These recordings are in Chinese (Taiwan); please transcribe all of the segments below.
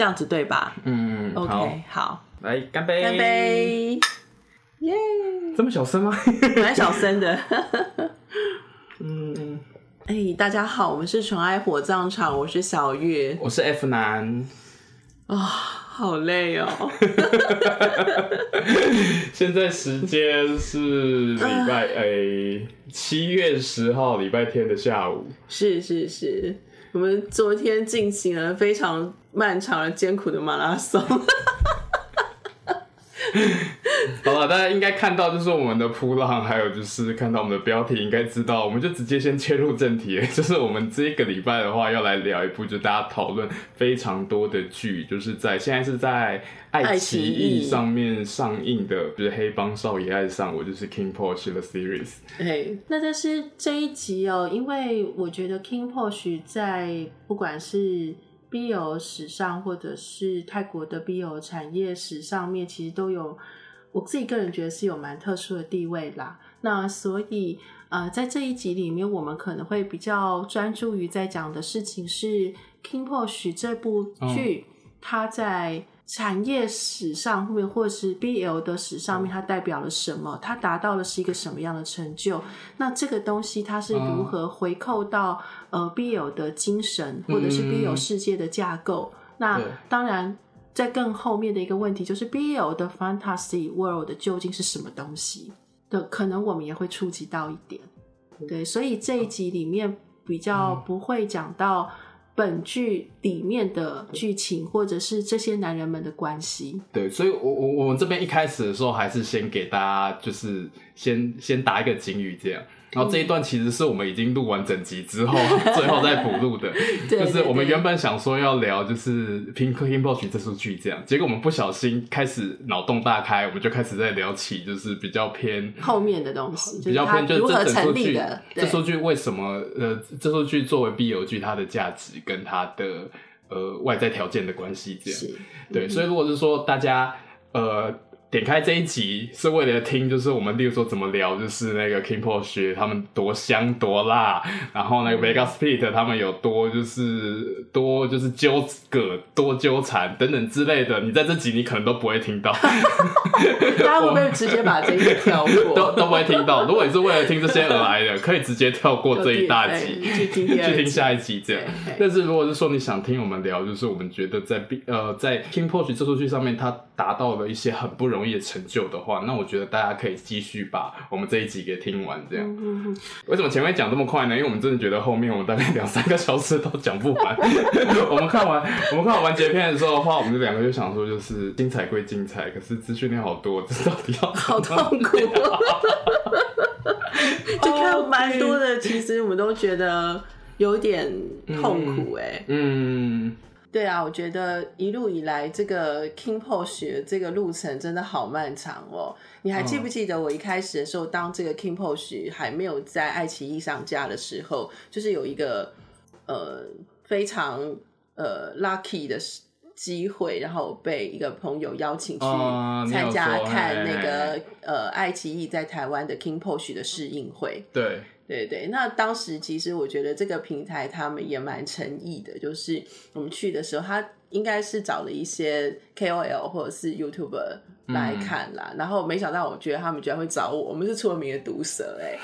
這樣子對吧？嗯好，OK，好，來乾杯！乾杯！耶！這麼小聲嗎？蠻 小聲生的。 嗯，哎、欸，大家好，我們是純愛火葬場，我是小月，我是 F 男。啊、哦，好累哦。 現在時間是禮拜誒、呃，七月十號禮拜天的下午。是是是。我們昨天進行了非常漫長而艱苦的馬拉松。 好了，大家應該看到就是我們的鋪浪，還有就是看到我們的標題，應該知道我們就直接先切入正題，就是我們這一個禮拜的話要來聊一部，就大家討論非常多的劇，就是在現在是在愛奇藝上面上映的，就是《黑幫少爺愛上我》就是《就是 KinnPorsche》的 Series。Okay, 那但是這一集哦，因為我覺得《KinnPorsche》在不管是 BL 史上，或者是泰國的 BL 產業史上面，其實都有。我自己個人覺得是有蠻特殊的地位啦。那所以，呃，在這一集裡面，我們可能會比較專注於在講的事情是《KinnPorsche》這部劇、嗯，它在產業史上面，或者是 BL 的史上面，它代表了什麼？嗯、它達到的是一個什麼樣的成就？那這個東西它是如何回扣到、嗯、呃 BL 的精神，或者是 BL 世界的架構？嗯嗯嗯那當然。在更後面的一個問題就是《BL》的《Fantasy World》的究竟是什麼東西？的可能我們也會觸及到一點，對，所以這一集裡面比較不會講到本劇，裡面的劇情，或者是這些男人們的關係。對，所以我，我我我們這邊一開始的時候，還是先給大家，就是先先打一個警語，這樣。然後這一段其實是我們已經錄完整集之後， 最後再補錄的 對對對對。就是我們原本想說要聊，就是《KinnPorsche》這出劇這樣。結果我們不小心開始腦洞大開，我們就開始在聊起，就是比較偏後面的東西，比較偏、就是、如何成立的就這整齣劇，這齣劇為什麼？呃，這齣劇作為 BL 劇，它的價值跟它的。呃，外在條件的關係這樣，對，所以如果是說大家，嗯、呃。點開這一集是為了聽，就是我們例如說怎麼聊，就是那個 KinnPorsche 他們多香多辣，然後那個 Vegas Pete 他們有多就是多就是糾葛多糾纏等等之類的，你在這集你可能都不會聽到，大家我們直接把這一集跳過， 都都不會聽到。如果你是為了聽這些而來的，可以直接跳過這一大集，欸、去，聽集 去聽下一集。這樣、欸欸。但是如果是說你想聽我們聊，就是我們覺得在 B 呃在 KinnPorsche 這出劇上面，它達到了一些很不容易容易成就的話，那我覺得大家可以繼續把我們這一集給聽完。這樣、嗯，為什麼前面講這麼快呢？因為我們真的覺得後面我們大概兩三個小時都講不完。 我們看完，我們看完結篇的時候的話，話我們這兩個就想說，就是精彩歸精彩，可是資訊量好多，這到底要好痛苦。 好痛苦 就看蠻多的，其實我們都覺得有點痛苦哎、欸。嗯。嗯對啊，我覺得一路以來這個 KinnPorsche 這個路程真的好漫長哦。你還記不記得我一開始的時候，嗯、當這個 KinnPorsche 還沒有在愛奇藝上架的時候，就是有一個呃非常呃 lucky 的機會，然後被一個朋友邀請去參加看那個、嗯、呃愛奇藝在台灣的 KinnPorsche 的試映會。對。對對，那當時其實我覺得這個平台他們也蠻誠意的，就是我們去的時候，他應該是找了一些 KOL 或者是 YouTuber 來看啦，嗯、然後沒想到，我覺得他們居然會找我，我們是出了名的毒舌哎、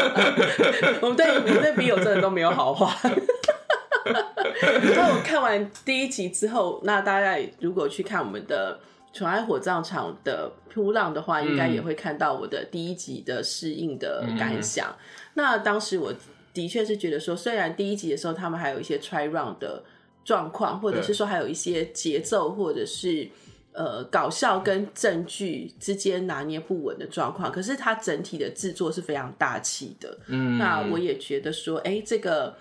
欸， 我們對，你們對 B 友真的都沒有好話。 那我看完第一集之後，那大家如果去看我們的《寵愛火葬場》的噗浪的話，應該也會看到我的第一集的適應的感想、嗯。那當時我的確是覺得說，雖然第一集的時候他們還有一些 try run 的狀況，或者是說還有一些節奏或者是呃搞笑跟正劇之間拿捏不穩的狀況，可是它整體的製作是非常大氣的。嗯，那我也覺得說，哎、欸，這個。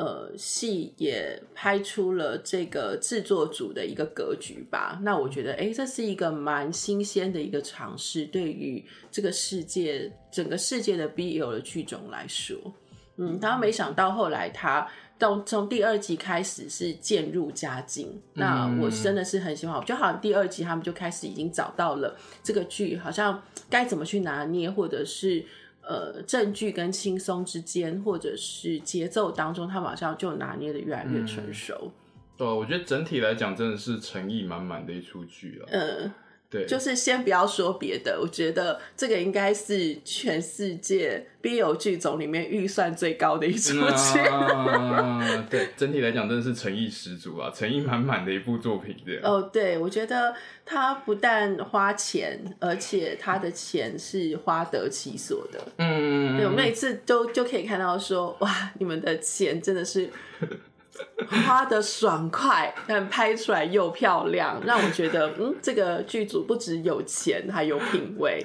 呃，戲也拍出了這個製作組的一個格局吧。那我覺得，哎、欸，這是一個蠻新鮮的一個嘗試，對於這個世界整個世界的 BL 的劇種來說，嗯，然後沒想到後來他到從第二集開始是漸入佳境、嗯。那我真的是很喜歡，我就好像第二集他們就開始已經找到了這個劇好像該怎麼去拿捏，或者是。呃，正劇跟輕鬆之間，或者是節奏當中，他馬上就拿捏的越來越成熟。哦、嗯，我覺得整體來講，真的是誠意滿滿的一出劇啊。呃對，就是先不要說別的，我覺得這個應該是全世界 BL 劇種裡面預算最高的一出劇。啊、 對，整體來講真的是誠意十足啊，誠意滿滿的一部作品這樣。這哦，對，我覺得他不但花錢，而且他的錢是花得其所的。嗯，對，我們每次都就，就可以看到說，哇，你們的錢真的是。 花得爽快，但拍出來又漂亮，讓我覺得，嗯，這個劇組不只有錢，還有品味。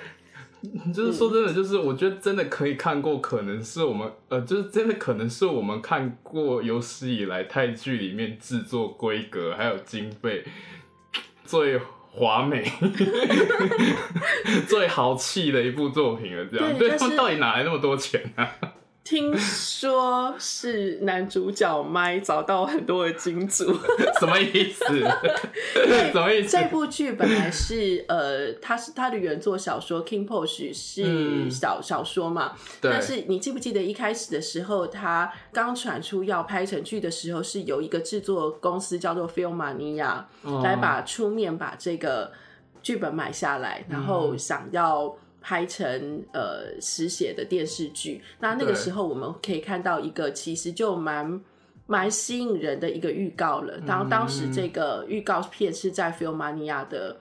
就是說真的、嗯，就是我覺得真的可以看過，可能是我們呃，就是真的可能是我們看過有史以來泰劇裡面製作規格還有經費最華美， 最豪氣的一部作品了。這樣，對，他們到底哪來那麼多錢啊？聽說是男主角麥找到很多的金主， 什麼意思？ 欸、 什麼意思？這部劇本來是呃，他是他的原作小說《KinnPorsche》是小、嗯、小說嘛，對？但是你記不記得一開始的時候，他剛傳出要拍成劇的時候，是由一個製作公司叫做 Filmania、嗯、來把出面把這個劇本買下來，然後想要。拍成呃實寫的電視劇，那那個時候我們可以看到一個其實就蠻蠻吸引人的一個預告了。然後、嗯、當時這個預告片是在 Filmania 的。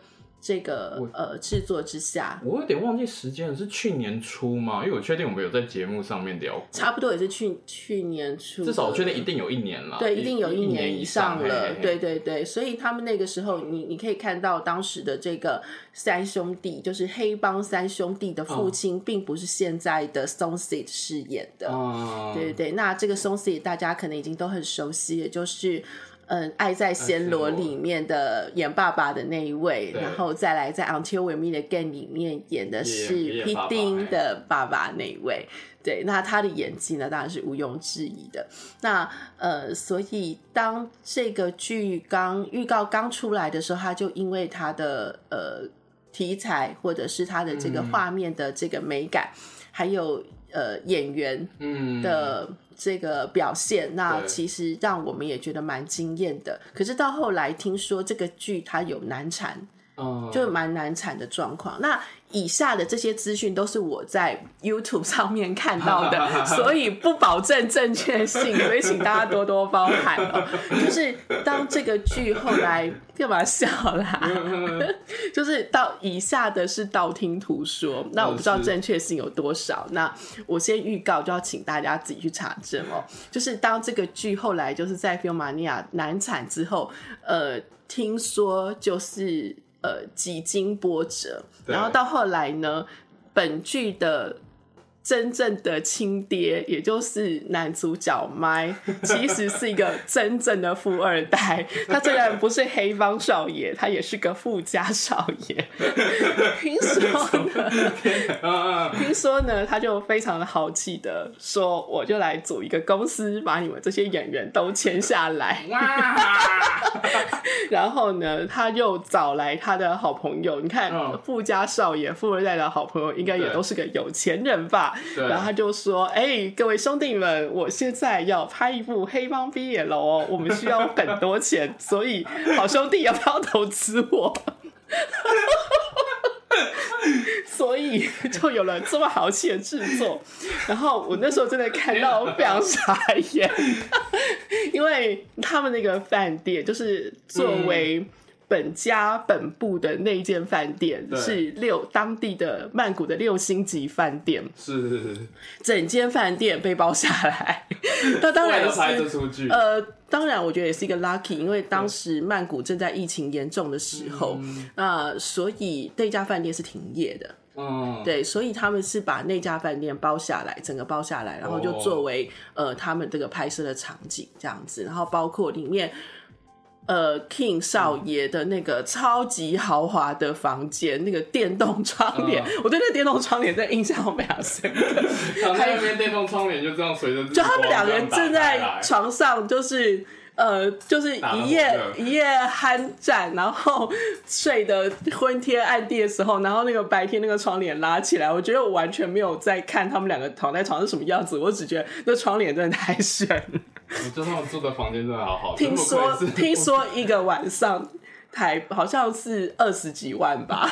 這個呃製作之下我，我有點忘記時間是去年初嗎？因為我確定我們有在節目上面聊過，差不多也是去去年初，至少我確定一定有一年了，對，一定有一年以上了，一年以上嘿嘿，對對對。所以他們那個時候，你你可以看到當時的這個三兄弟，就是黑幫三兄弟的父親、嗯，並不是現在的 Sonset 飾演的、嗯，對對對。那這個 Sonset 大家可能已經都很熟悉，也就是。嗯，愛在暹羅裡面的演爸爸的那一位，嗯、然後再來在 Until We Meet Again 裡面演的是披丁的爸爸那一位，對，那他的演技呢當然是毋庸置疑的。那呃，所以當這個劇剛預告剛出來的時候，他就因為他的呃。題材或者是它的這個畫面的這個美感，嗯、還有呃演員的這個表現、嗯，那其實讓我們也覺得蠻驚豔的。可是到後來聽說這個劇它有難產。哦，就蠻難產的狀況、嗯。那以下的這些資訊都是我在 YouTube 上面看到的，哈哈哈哈所以不保證正確性， 所以請大家多多包涵哦、喔。 就是當這個劇後來幹嘛笑啦， 就是到以下的是道聽途說， 那我不知道正確性有多少。 那我先預告，就要請大家自己去查證哦、喔。就是當這個劇後來就是在斐歐瑪尼亞難產之後，呃，聽說就是。呃，幾經波折，然後到後來呢，本劇的。真正的親爹，也就是男主角麥，其實是一個真正的富二代。他雖然不是黑幫少爺，他也是個富家少爺。 聽說呢， 聽說呢，他就非常的豪氣的說：“我就來組一個公司，把你們這些演員都簽下來。 ”然後呢，他又找來他的好朋友，你看，哦、富家少爺、富二代的好朋友，應該也都是個有錢人吧？然後他就說：“哎、欸，各位兄弟們，我現在要拍一部黑幫 BL 劇，我們需要很多錢，所以好兄弟要不要投資我？ 所以就有了這麼豪氣的製作。然後我那時候真的看到我，非常傻眼，因為他們那個飯店就是作為、嗯。”本家本部的那間飯店是六當地的曼谷的六星級飯店，是是是整間飯店被包下來。那 當然是 呃，當然我覺得也是一個 lucky，因為當時曼谷正在疫情嚴重的時候，那、嗯呃、所以那家飯店是停業的。嗯，對，所以他們是把那家飯店包下來，整個包下來，然後就作為、哦、呃他們這個拍攝的場景這樣子，然後包括裡面。呃，Kinn 少爺的那個超級豪華的房間、嗯，那個電動窗簾、嗯，我對那電動窗簾的印象我沒深。打 開 那邊電動窗簾，就這樣隨着就他們兩個人正在床上，就是。呃，就是一夜一夜酣戰，然後睡得昏天暗地的時候，然後那個白天那個窗簾拉起來，我覺得我完全沒有在看他們兩個躺在床上是什麼樣子，我只覺得那窗簾真的太炫了。我覺得他們住的房間真的好好，聽說聽說一個晚上台好像是二十幾萬吧，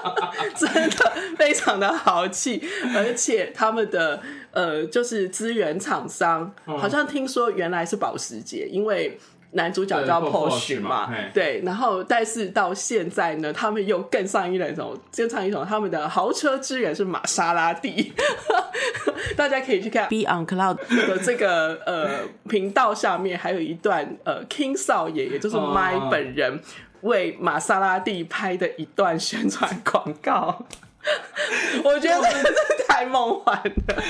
真的非常的豪氣，而且他們的。呃，就是資源廠商，哦，好像聽說原來是保時捷，嗯，因為男主角叫 Porsche 嘛，對迫迫迫嘛，對。然後，但是到現在呢，他們又更上一層樓，更上一層樓，他們的豪車資源是瑪莎拉蒂。 大家可以去看 Be on Cloud 的這個呃頻道下面，還有一段呃 Kinn 少爺，也就是 Mile 本人為瑪莎拉蒂拍的一段宣傳廣告。哦 我覺得我們真的是太夢幻了，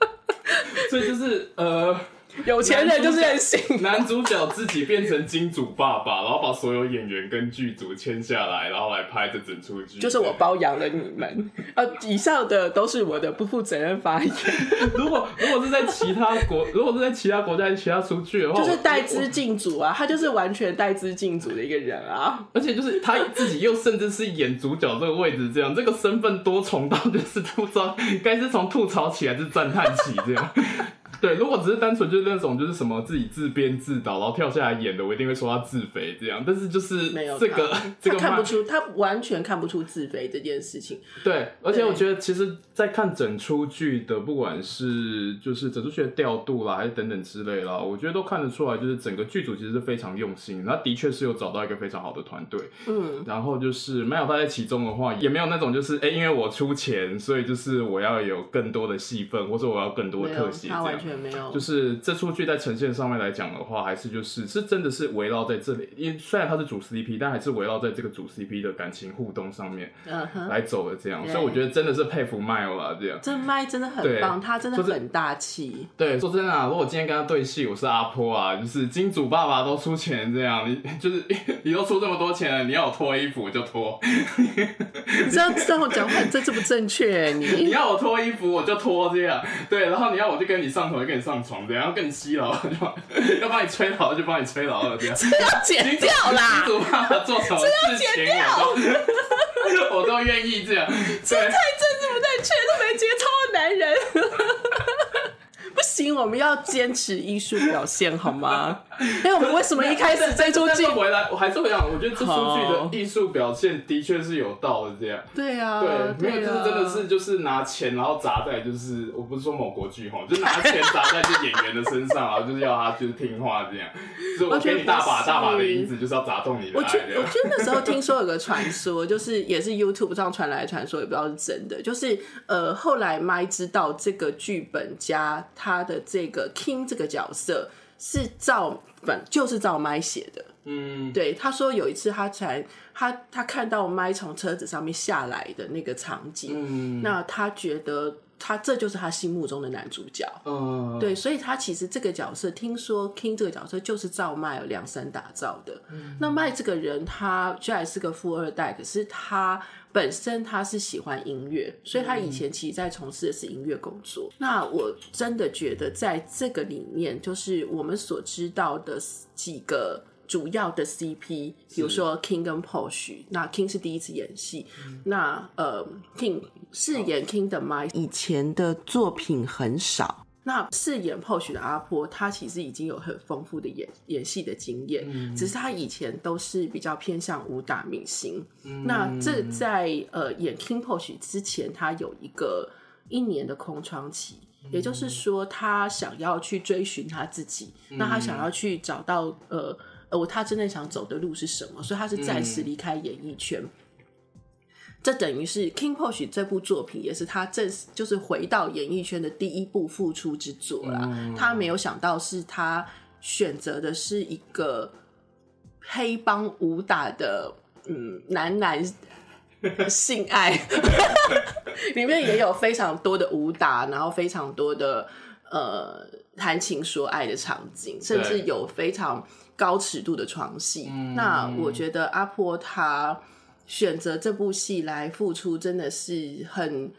所以就是呃。有錢人就是任性。 男主角自己變成金主爸爸，然後把所有演員跟劇組簽下來，然後來拍這整出劇，就是我包養了你們、 啊。以上的都是我的不負責任發言。 如果如果是在其他國，如果是在其他國家其他出劇的話，就是帶資進組啊，他就是完全帶資進組的一個人啊。 而且就是他自己又甚至是演主角這個位置，這樣這個身份多重到就是吐槽，該是從吐槽起來還是讚嘆起這樣？ 對，如果只是單純就是那種就是什麼自己自編自導，然後跳下來演的，我一定會說他自肥這樣。但是就是沒有這個這個看不出，他完全看不出自肥這件事情對。對，而且我覺得其實，在看整出劇的，不管是就是整出劇的調度啦，還是等等之類啦，我覺得都看得出來，就是整個劇組其實是非常用心。他的確是有找到一個非常好的團隊，嗯，然後就是沒有，他在其中的話，也沒有那種就是哎，因為我出錢，所以就是我要有更多的戲份，或者我要更多的特寫這樣。也沒有，就是這齣劇在呈現上面來講的話，還是就是是真的是圍繞在這裡，因為雖然他是主 CP，但還是圍繞在這個主 CP 的感情互動上面、uh-huh. 來走的這樣。Yeah. 所以我覺得真的是佩服麥歐、哦、拉這樣。這麥真的很棒，他真的很大氣、就是。對，說真的啊，如果今天跟他對戲，我是阿婆啊，就是金主爸爸都出錢這樣，你就是你都出這麼多錢了，你要我脫衣服我就脫。 你這樣，這樣我講話這這不正確、欸，你 你要我脫衣服我就脫這樣，對，然後你要我就跟你上床。我跟你上床，然後跟你洗腦，就，要把你吹老，就幫你吹老，這樣，要剪掉啦，做操，哈哈哈我都願意這樣，真是這太政治不正確，都沒節操的男人， 不行，我們要堅持藝術表現， 好嗎？哎、欸，我們為什麼一開始這出劇回來，我還是會想，我覺得這出劇的藝術表現的確是有道的，這樣對呀、啊，對，沒有，啊、就是真的是就是拿錢然後砸在，就是我不是說某國劇齁，就是、拿錢砸在這演員的身上， 然後就是要他就是聽話這樣，就我給你大把 大把的銀子，就是要砸動你的。我覺得，我覺得那時候聽說有個傳說， 就是也是 YouTube 上傳來傳說，也不知道是真的，就是呃，後來麥知道這個劇本加他。他的這個 Kinn 這個角色是照反，就是照麥寫的。嗯，對，他說有一次他才他他看到麥從車子上面下來的那個場景，嗯、那他覺得。他這就是他心目中的男主角，oh. 對，所以他其實這個角色，聽說 King 這個角色就是照麥爾量身打造的。嗯、那麥這個人，他雖然是個富二代，可是他本身他是喜歡音樂，所以他以前其實在從事的是音樂工作，嗯。那我真的覺得，在這個裡面，就是我們所知道的幾個。主要的 CP，比如說 Kinn 跟 Porsche 那 Kinn 是第一次演戲、嗯，那呃 Kinn 飾演 Kinn 的 Mile 以前的作品很少，那飾演 Porsche 的阿波，他其實已經有很豐富的演演戲的經驗、嗯，只是他以前都是比較偏向武打明星。嗯、那這在呃演 Kinn Porsche 之前，他有一個一年的空窗期，嗯、也就是說他想要去追尋他自己、嗯，那他想要去找到呃。呃，我他真的想走的路是什麼？所以他是暫時離開演藝圈、嗯，這等於是《KinnPorsche》這部作品也是他正就是回到演藝圈的第一部復出之作啦、嗯。他沒有想到是他選擇的是一個黑幫武打的嗯男男性愛， 裡面也有非常多的武打，然後非常多的呃談情說愛的場景，甚至有非常。高尺度的床戲、嗯，那我覺得阿婆她選擇這部戲來復出，真的是很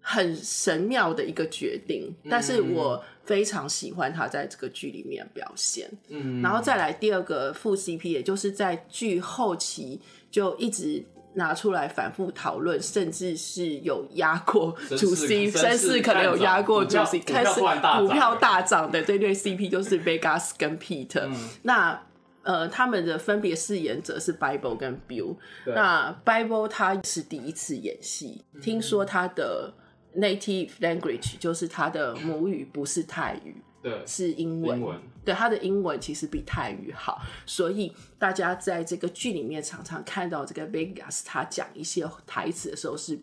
很神妙的一個決定。嗯、但是我非常喜歡她在這個劇裡面表現、嗯，然後再來第二個副 CP，也就是在劇後期就一直。拿出來反覆討論，甚至是有壓過主 C，甚至可能有壓過主 C。開始股票大漲的這對，對，對 CP 就是 Vegas 跟 Peter。嗯、那呃，他們的分別飾演者是 Bible 跟 Bill。那 Bible 他是第一次演戲、嗯，聽說他的 native language 就是他的母語不是泰語。嗯就是對，是英文。英文。對，他的英文其實比泰語好，所以大家在這個劇裡面常常看到這個 Vegas 他講一些台詞的時候是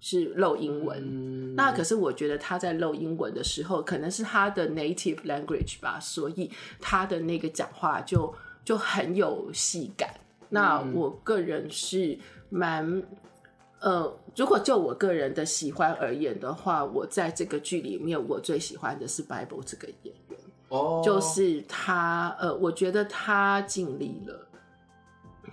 是露英文，嗯。那可是我覺得他在露英文的時候，可能是他的 native language 吧，所以他的那個講話就就很有戲感。那我個人是蠻。呃，如果就我個人的喜歡而言的話，我在這個劇裡面，我最喜歡的是 Bible 這個演員，哦，Oh. 就是他，呃，我覺得他盡力了，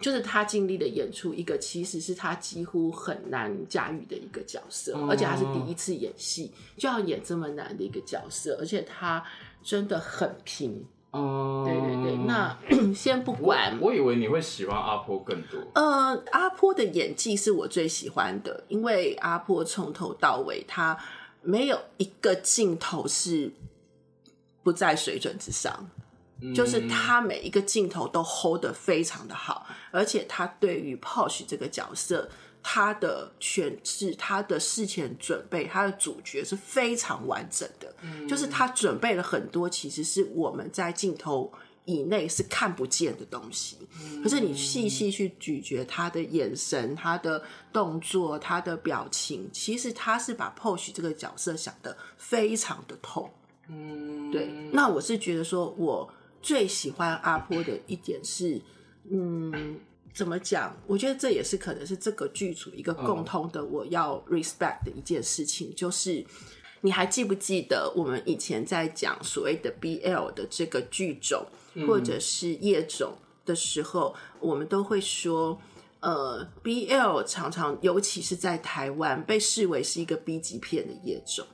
就是他盡力的演出一個其實是他幾乎很難駕馭的一個角色，Oh. 而且他是第一次演戲，就要演這麼難的一個角色，而且他真的很拼。哦、uh,，對對對，那 先不管。我我以為你會喜歡阿婆更多。呃、uh,，阿婆的演技是我最喜歡的，因為阿婆從頭到尾，他沒有一個鏡頭是不在水準之上，就是他每一個鏡頭都 hold 得非常的好，而且他對於 Porsche 這個角色。他的詮釋，他的事前準備，他的主角是非常完整的，嗯、就是他準備了很多，其實是我們在鏡頭以內是看不見的東西。嗯、可是你細細去咀嚼他的眼神、嗯、他的動作、他的表情，其實他是把 Porsche 這個角色想得非常的透。嗯，對。那我是覺得說我最喜歡阿坡的一點是，嗯。怎麼講？我覺得這也是可能是這個劇組一個共通的，我要 respect 的一件事情，哦，就是你還記不記得我們以前在講所謂的 BL 的這個劇種或者是業種的時候，嗯、我們都會說，呃，BL 常常尤其是在台灣被視為是一個 B 級片的業種，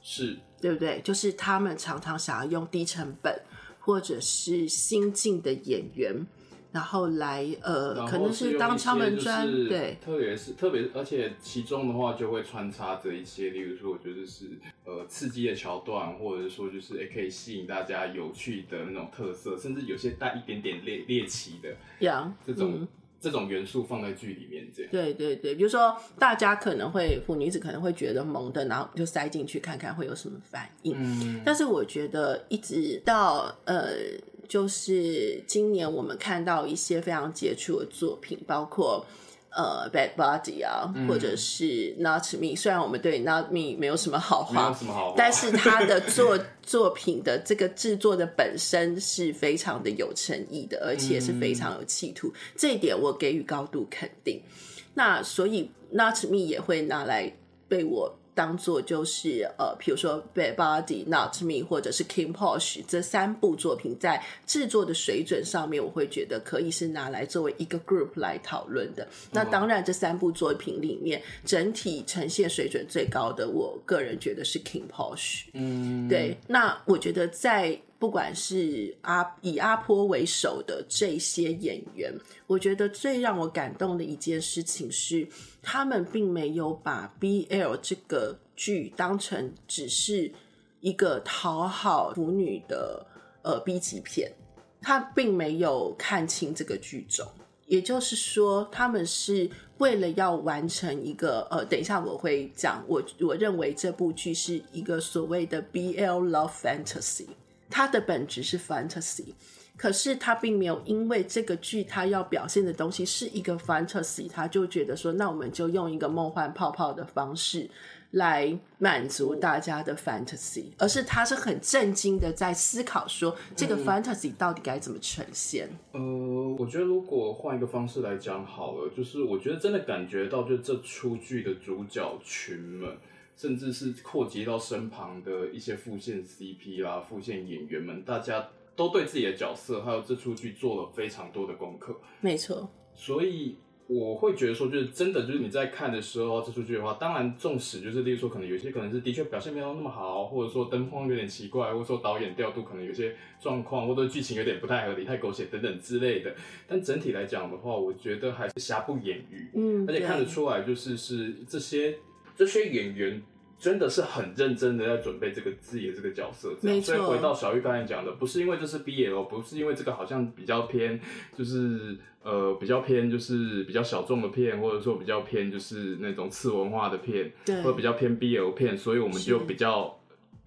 是對不對？就是他們常常想要用低成本或者是新進的演員。然後來，呃，可能是當敲門磚，對，特別是特別，而且其中的話就會穿插著一些，例如說，我覺得是，呃，刺激的橋段，或者說就是也可以吸引大家有趣的那種特色，甚至有些帶一點點獵獵奇的，有、yeah, 這種、嗯、這種元素放在劇裡面，這樣。對對對，比如說大家可能會腐女子可能會覺得萌的，然後就塞進去看看會有什麼反應。嗯，但是我覺得一直到呃。就是今年我們看到一些非常傑出的作品，包括呃，Bad Buddy 啊，嗯，或者是 Not Me。雖然我們對 Not Me 沒有什麼好話，什麼好話，但是他的作 作品的這個制作的本身是非常的有誠意的，而且是非常有企圖，嗯，這一點我給予高度肯定。那所以 Not Me 也會拿來被我。當做就是呃，譬如說《Bad Buddy》、《Not Me》或者是《KinnPorsche》這三部作品，在制作的水準上面，我會覺得可以是拿來作為一個 group 來討論的。那當然，這三部作品裡面，整體呈現水準最高的，我個人覺得是《KinnPorsche》。嗯，對。那我覺得在。不管是阿以阿坡為首的這些演員，我覺得最讓我感動的一件事情是，他們並沒有把 BL 這個劇當成只是一個討好腐女的呃 B 級片，他並沒有看輕這個劇種。也就是說，他們是為了要完成一個呃，等一下我會講，我我認為這部劇是一個所謂的 BL love fantasy。它的本質是 fantasy，可是他並沒有因為這個劇，他要表現的東西是一個 fantasy，他就覺得說，那我們就用一個夢幻泡泡的方式來滿足大家的 fantasy，而是他是很震驚的在思考說，這個 fantasy 到底該怎麼呈現。嗯，呃，我覺得如果換一個方式來講好了，就是我覺得真的感覺到，就這齣劇的主角群們。甚至是擴及到身旁的一些副線 CP 啦、副線演員們，大家都對自己的角色還有這出劇做了非常多的功課，沒錯。所以我會覺得說，就是真的，就是你在看的時候，這出劇的話，當然縱使就是，例如說可能有些可能是的確表現沒有那麼好，或者說燈光有點奇怪，或者說導演調度可能有些狀況，或者劇情有點不太合理、太狗血等等之類的。但整體來講的話，我覺得還是瑕不掩瑜，嗯，而且看得出來就是是這些。這些演員真的是很認真的在準備這個字眼、這個角色，這樣，所以回到小玉剛才講的，不是因為這是 BL，不是因為這個好像比較偏，就是呃比較偏，就是比較小眾的片，或者說比較偏就是那種次文化的片，對，或者比較偏 BL 片，所以我們就比較。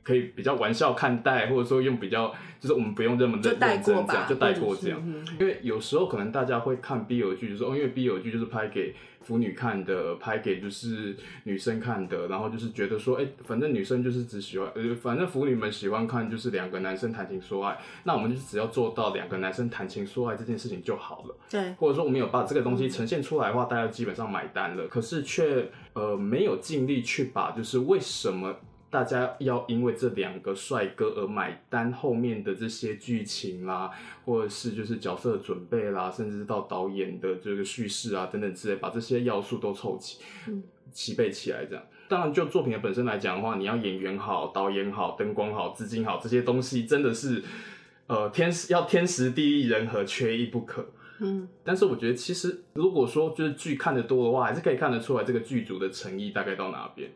可以比較玩笑看待，或者說用比較，就是我們不用這麼認認真，就帶認真這樣就帶過這樣。因為有時候可能大家會看 BL 劇，就是說、哦、因為 BL 劇就是拍給腐女看的，拍給就是女生看的，然後就是覺得說，哎、欸，反正女生就是只喜歡，呃，反正腐女們喜歡看就是兩個男生談情說愛，那我們就是只要做到兩個男生談情說愛這件事情就好了。對，或者說我們有把這個東西呈現出來的話，大家基本上買單了，可是卻呃沒有盡力去把就是為什麼。大家要因為這兩個帥哥而買單，後面的這些劇情啦、啊，或者是就是角色的準備啦、啊，甚至是到導演的這個敘事啊等等之類，把這些要素都湊齊，齊、嗯、備起，起來。這樣，當然就作品的本身來講的話，你要演員好，導演好，燈光好，資金好，這些東西真的是，呃，天時要天時地利人和，缺一不可。嗯，但是我覺得其實如果說就是劇看得多的話，還是可以看得出來這個劇組的誠意大概到哪邊。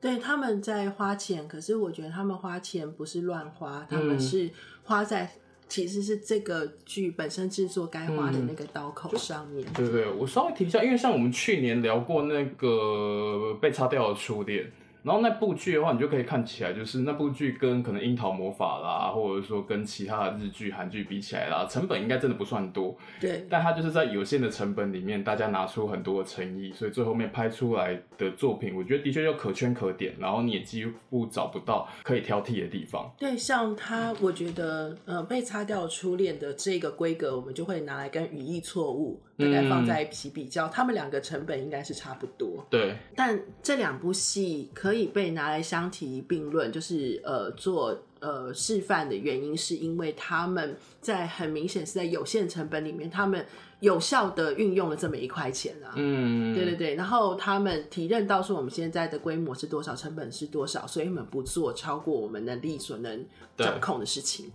對，他們在花錢，可是我覺得他們花錢不是亂花、嗯，他們是花在其實是這個劇本身制作該花的那個刀口上面。嗯、對，對對，我稍微提一下，因為像我們去年聊過那個被擦掉的初戀。然後那部劇的話，你就可以看起來，就是那部劇跟可能《櫻桃魔法》啦，或者說跟其他的日劇、韓劇比起來啦，成本應該真的不算多。對，但它就是在有限的成本裡面，大家拿出很多的誠意，所以最後面拍出來的作品，我覺得的確又可圈可點。然後你也幾乎找不到可以挑剔的地方。對，像它，我覺得，呃，被擦掉初戀的這個規格，我們就會拿來跟語意錯誤大概放在一起比較，他們兩個成本應該是差不多。對，但這兩部戲可。可以被拿來相提並論，就是呃做呃示範的原因，是因為他們在很明顯是在有限成本裡面，他們有效的運用了這麼一塊錢啊。嗯，對對對。然後他們體認到說，我們現在的規模是多少，成本是多少，所以我們不做超過我們能力所能掌控的事情。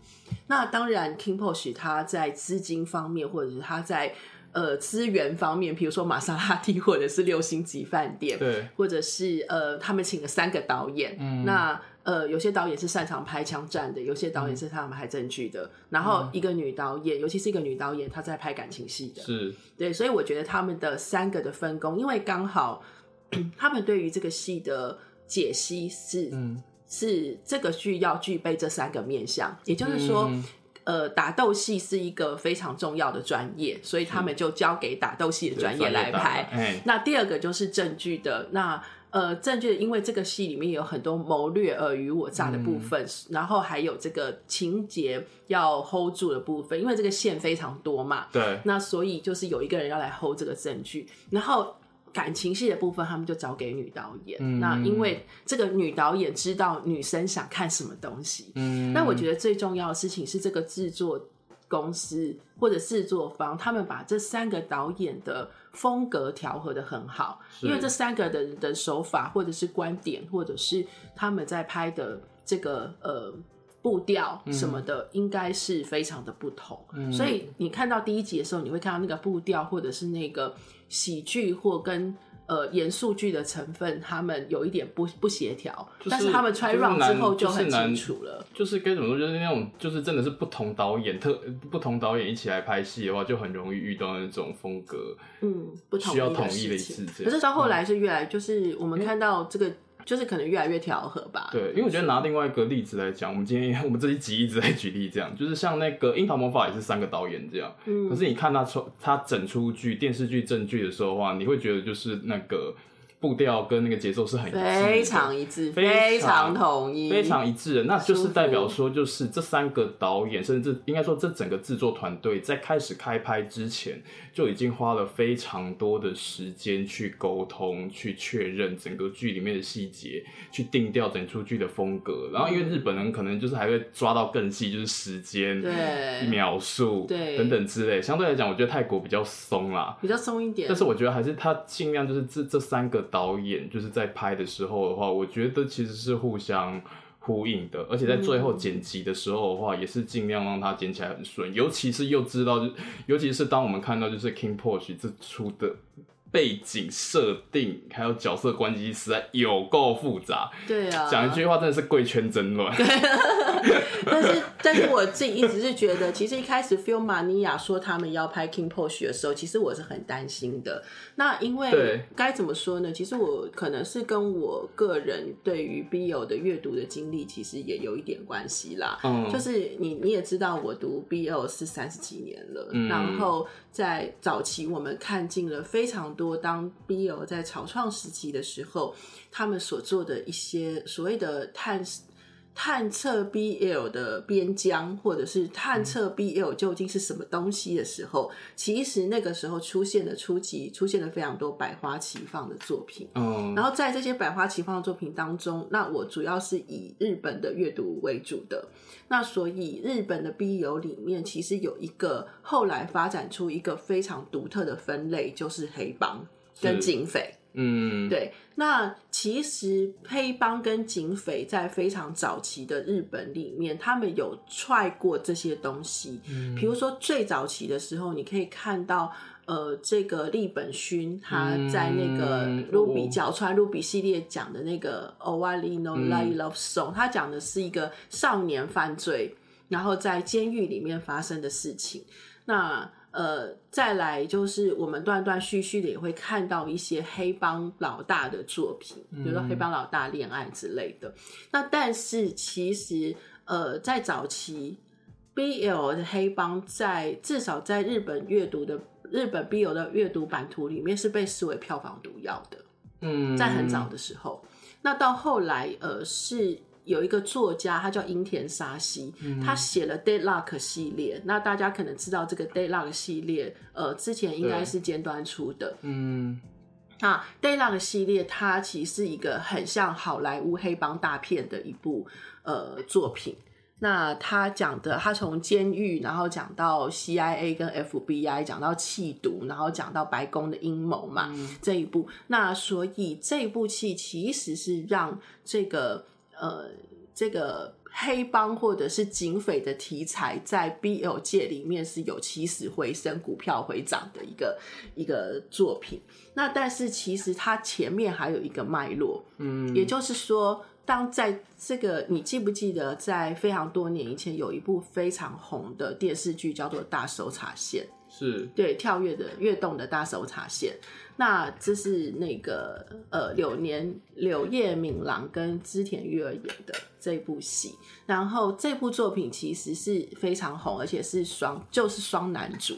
那當然，KinnPorsche 他在資金方面，或者是他在。呃，資源方面，譬如說瑪莎拉蒂，或者是六星級飯店，對，或者是呃，他們請了三個導演。嗯，那呃，有些導演是擅長拍槍戰的，有些導演是他們拍正劇的。然後一個女導演、嗯，尤其是一個女導演，她在拍感情戲的。是對，所以我覺得他們的三個的分工，因為剛好他們對於這個戲的解析是，嗯、是這個劇要具備這三個面向，也就是說。嗯呃，打鬥戲是一個非常重要的專業，所以他們就交給打鬥戲的專業來拍。那第二個就是證據的，那呃，證據的因為這個戲裡面有很多謀略、爾虞我詐的部分、嗯，然後還有這個情節要 hold 住的部分，因為這個線非常多嘛。對，那所以就是有一個人要來 hold 這個證據，然後。感情戲的部分，他們就找給女導演、嗯。那因為這個女導演知道女生想看什麼東西。嗯、那我覺得最重要的事情是，這個制作公司或者制作方，他們把這三個導演的風格調和得很好。因為這三個的的手法，或者是觀點，或者是他們在拍的這個呃。步調什麼的應該是非常的不同，嗯，所以你看到第一集的時候，你會看到那個步調，或者是那個喜劇或跟呃嚴肅劇的成分，他們有一點不不協調，就是，但是他們 try run 之後就很清楚了。就是該、就是就是、該怎麼說，就是那種就是真的是不同導演特不同導演一起來拍戲的話，就很容易遇到那種風格，嗯，不同需要統一的一次，嗯。可是到後來是越來，就是我們看到這個。嗯就是可能越來越調和吧。對，因為我覺得拿另外一個例子來講，我們今天我們這一集一直在舉例，這樣就是像那個《櫻桃魔法》也是三個導演這樣。嗯。可是你看他出他整出劇電視劇正劇的時候的話，你會覺得就是那個。步調跟那個節奏是很非常一致，非常統一，非常一致的，那就是代表說，就是這三個導演，甚至應該說這整個制作團隊，在開始開拍之前，就已經花了非常多的時間去溝通，去確認整個劇裡面的細節，去定調整出劇的風格。然後，因為日本人可能就是還會抓到更細，就是時間、嗯、對，秒數，對等等之類。相對來講，我覺得泰國比較鬆啦，比較鬆一點。但是我覺得還是他盡量就是這這三個。導演就是在拍的時候的話，我覺得其實是互相呼應的，而且在最後剪輯的時候的話，嗯、也是盡量讓它剪起來很順，尤其是又知道，尤其是當我們看到就是 KinnPorsche 這出的。背景設定還有角色關係實在有夠複雜。對啊，講一句話真的是貴圈真亂， 對啊。但是，但是我自己一直是覺得，其實一開始《Filmania》說他們要拍《KinnPorsche》的時候，其實我是很擔心的。那因為該怎麼說呢？其實我可能是跟我個人對於 BL 的閱讀的經歷，其實也有一點關係啦。嗯，就是你你也知道，我讀 BL 是三十幾年了、嗯，然後在早期我們看盡了非常多，當 BL 在草創時期的時候，他們所做的一些所謂的探探測 BL 的邊疆，或者是探測 BL 究竟是什麼東西的時候，嗯、其實那個時候出現的初期，出現了非常多百花齊放的作品，嗯。然後在這些百花齊放的作品當中，那我主要是以日本的閱讀為主的。那所以日本的 BL 裡面，其實有一個後來發展出一個非常獨特的分類，就是黑幫跟警匪。嗯，對。那其實黑幫跟警匪在非常早期的日本裡面，他們有踹過這些東西。嗯，譬如說最早期的時候，你可以看到，呃，這個栗本薰他在那個魯比角川魯比系列講的那個《哦、Owari no nai Love Song、嗯》，他講的是一個少年犯罪，然後在監獄裡面發生的事情。那呃，再來就是我們斷斷續續的也會看到一些黑幫老大的作品，嗯、比如說黑幫老大戀愛之類的。那但是其實，呃，在早期，BL 的黑幫在至少在日本閱讀的日本 BL 的閱讀版圖裡面是被視為票房毒藥的。嗯，在很早的時候，那到後來，呃是。有一個作家，他叫英田沙希、嗯，他寫了《Deadlock》系列。那大家可能知道這個《Deadlock》系列，呃，之前應該是尖端出的。嗯，那《Deadlock》系列它其實是一個很像好萊塢黑幫大片的一部呃作品。那他講的，他從監獄，然後講到 CIA 跟 FBI，講到棄毒，然後講到白宮的陰謀嘛、嗯。這一部，那所以這一部戲其實是讓這個。呃，這個黑幫或者是警匪的題材在 BL 界裡面是有起死回生、股票回漲的一個一個作品。那但是其實它前面還有一個脈絡，嗯，也就是說，當在這個，你記不記得，在非常多年以前有一部非常紅的電視劇叫做《大搜查線》。是對，跳躍的躍、動的大搜查線，那這是那個呃柳年柳葉敏郎跟織田裕二演的這部戲，然後這部作品其實是非常紅，而且是雙就是雙男主，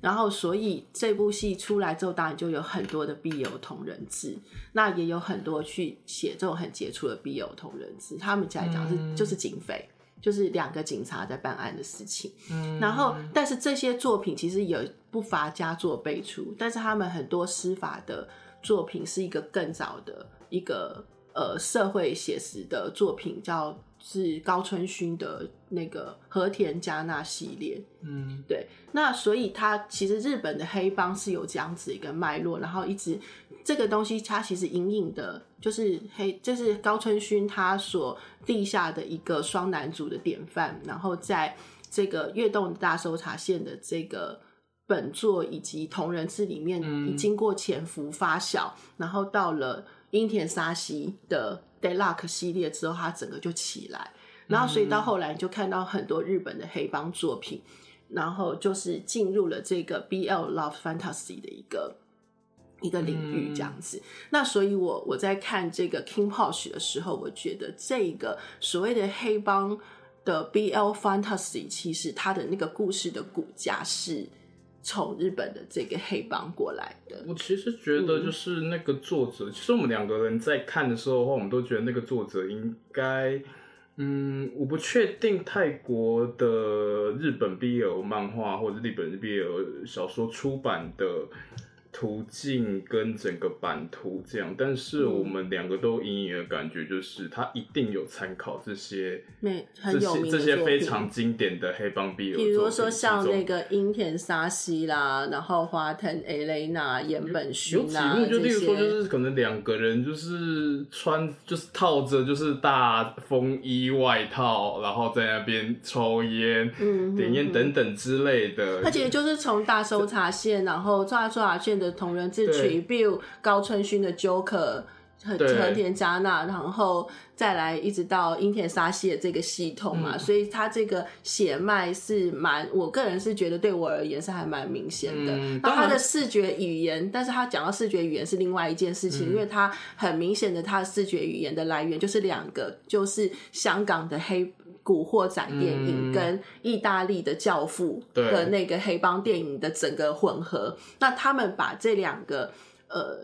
然後所以這部戲出來之後，當然就有很多的 BL 同人誌，那也有很多去寫這種很傑出的 BL 同人誌，他們家講是、嗯、就是警匪。就是兩個警察在辦案的事情、嗯，然後，但是這些作品其實也不乏佳作輩出，但是他們很多司法的作品是一個更早的一個呃社會寫實的作品叫。是高村薰的那個合田加納系列，嗯，對，那所以他其實日本的黑幫是有這樣子一個脈絡，然後一直這個東西，他其實隱隱的，就是黑，就是高村薰他所立下的一個雙男主的典範，然後在這個躍動大搜查線的這個本作以及同人誌裡面，經過潛伏發酵、嗯，然後到了英田沙希的。Deadlock 系列之後，它整個就起來，然後所以到後來就看到很多日本的黑幫作品、嗯，然後就是進入了這個 BL Love Fantasy 的一個一個領域這樣子。嗯、那所以我，我我在看這個 KinnPorsche 的時候，我覺得這個所謂的黑幫的 BL Fantasy，其實它的那個故事的骨架是。從日本的這個黑幫過來的，我其實覺得就是那個作者，嗯，其實我們兩個人在看的時候的話，我們都覺得那個作者應該，嗯，我不確定泰國的日本 BL 漫畫或者日本 BL 小說出版的。途徑跟整個版圖這樣，但是我們兩個都隱隱的感覺，就是他一定有參考這些這些這些非常經典的黑幫 B，比，比如說像那個櫻田沙希啦，然後華藤艾蕾娜、岩本旭啦，就例如說，就是可能兩個人就是穿就是套着就是大風衣外套，然後在那邊抽煙、嗯、點煙等等之類的。而且就是從大搜查線， 然後抓抓線的。同人志群，比如高春勳的 Joker，和和田佳那，然後再來一直到英田沙希的這個系統嘛、嗯，所以他這個血脈是蠻，我個人是覺得對我而言是還蠻明顯的。後、嗯、他的視覺語言、嗯，但是他講到視覺語言是另外一件事情，嗯、因為他很明顯的他的視覺語言的來源就是兩個，就是香港的黑。古惑仔電影跟意大利的教父、嗯、對，和那個黑幫電影的整個混合，那他們把這兩個呃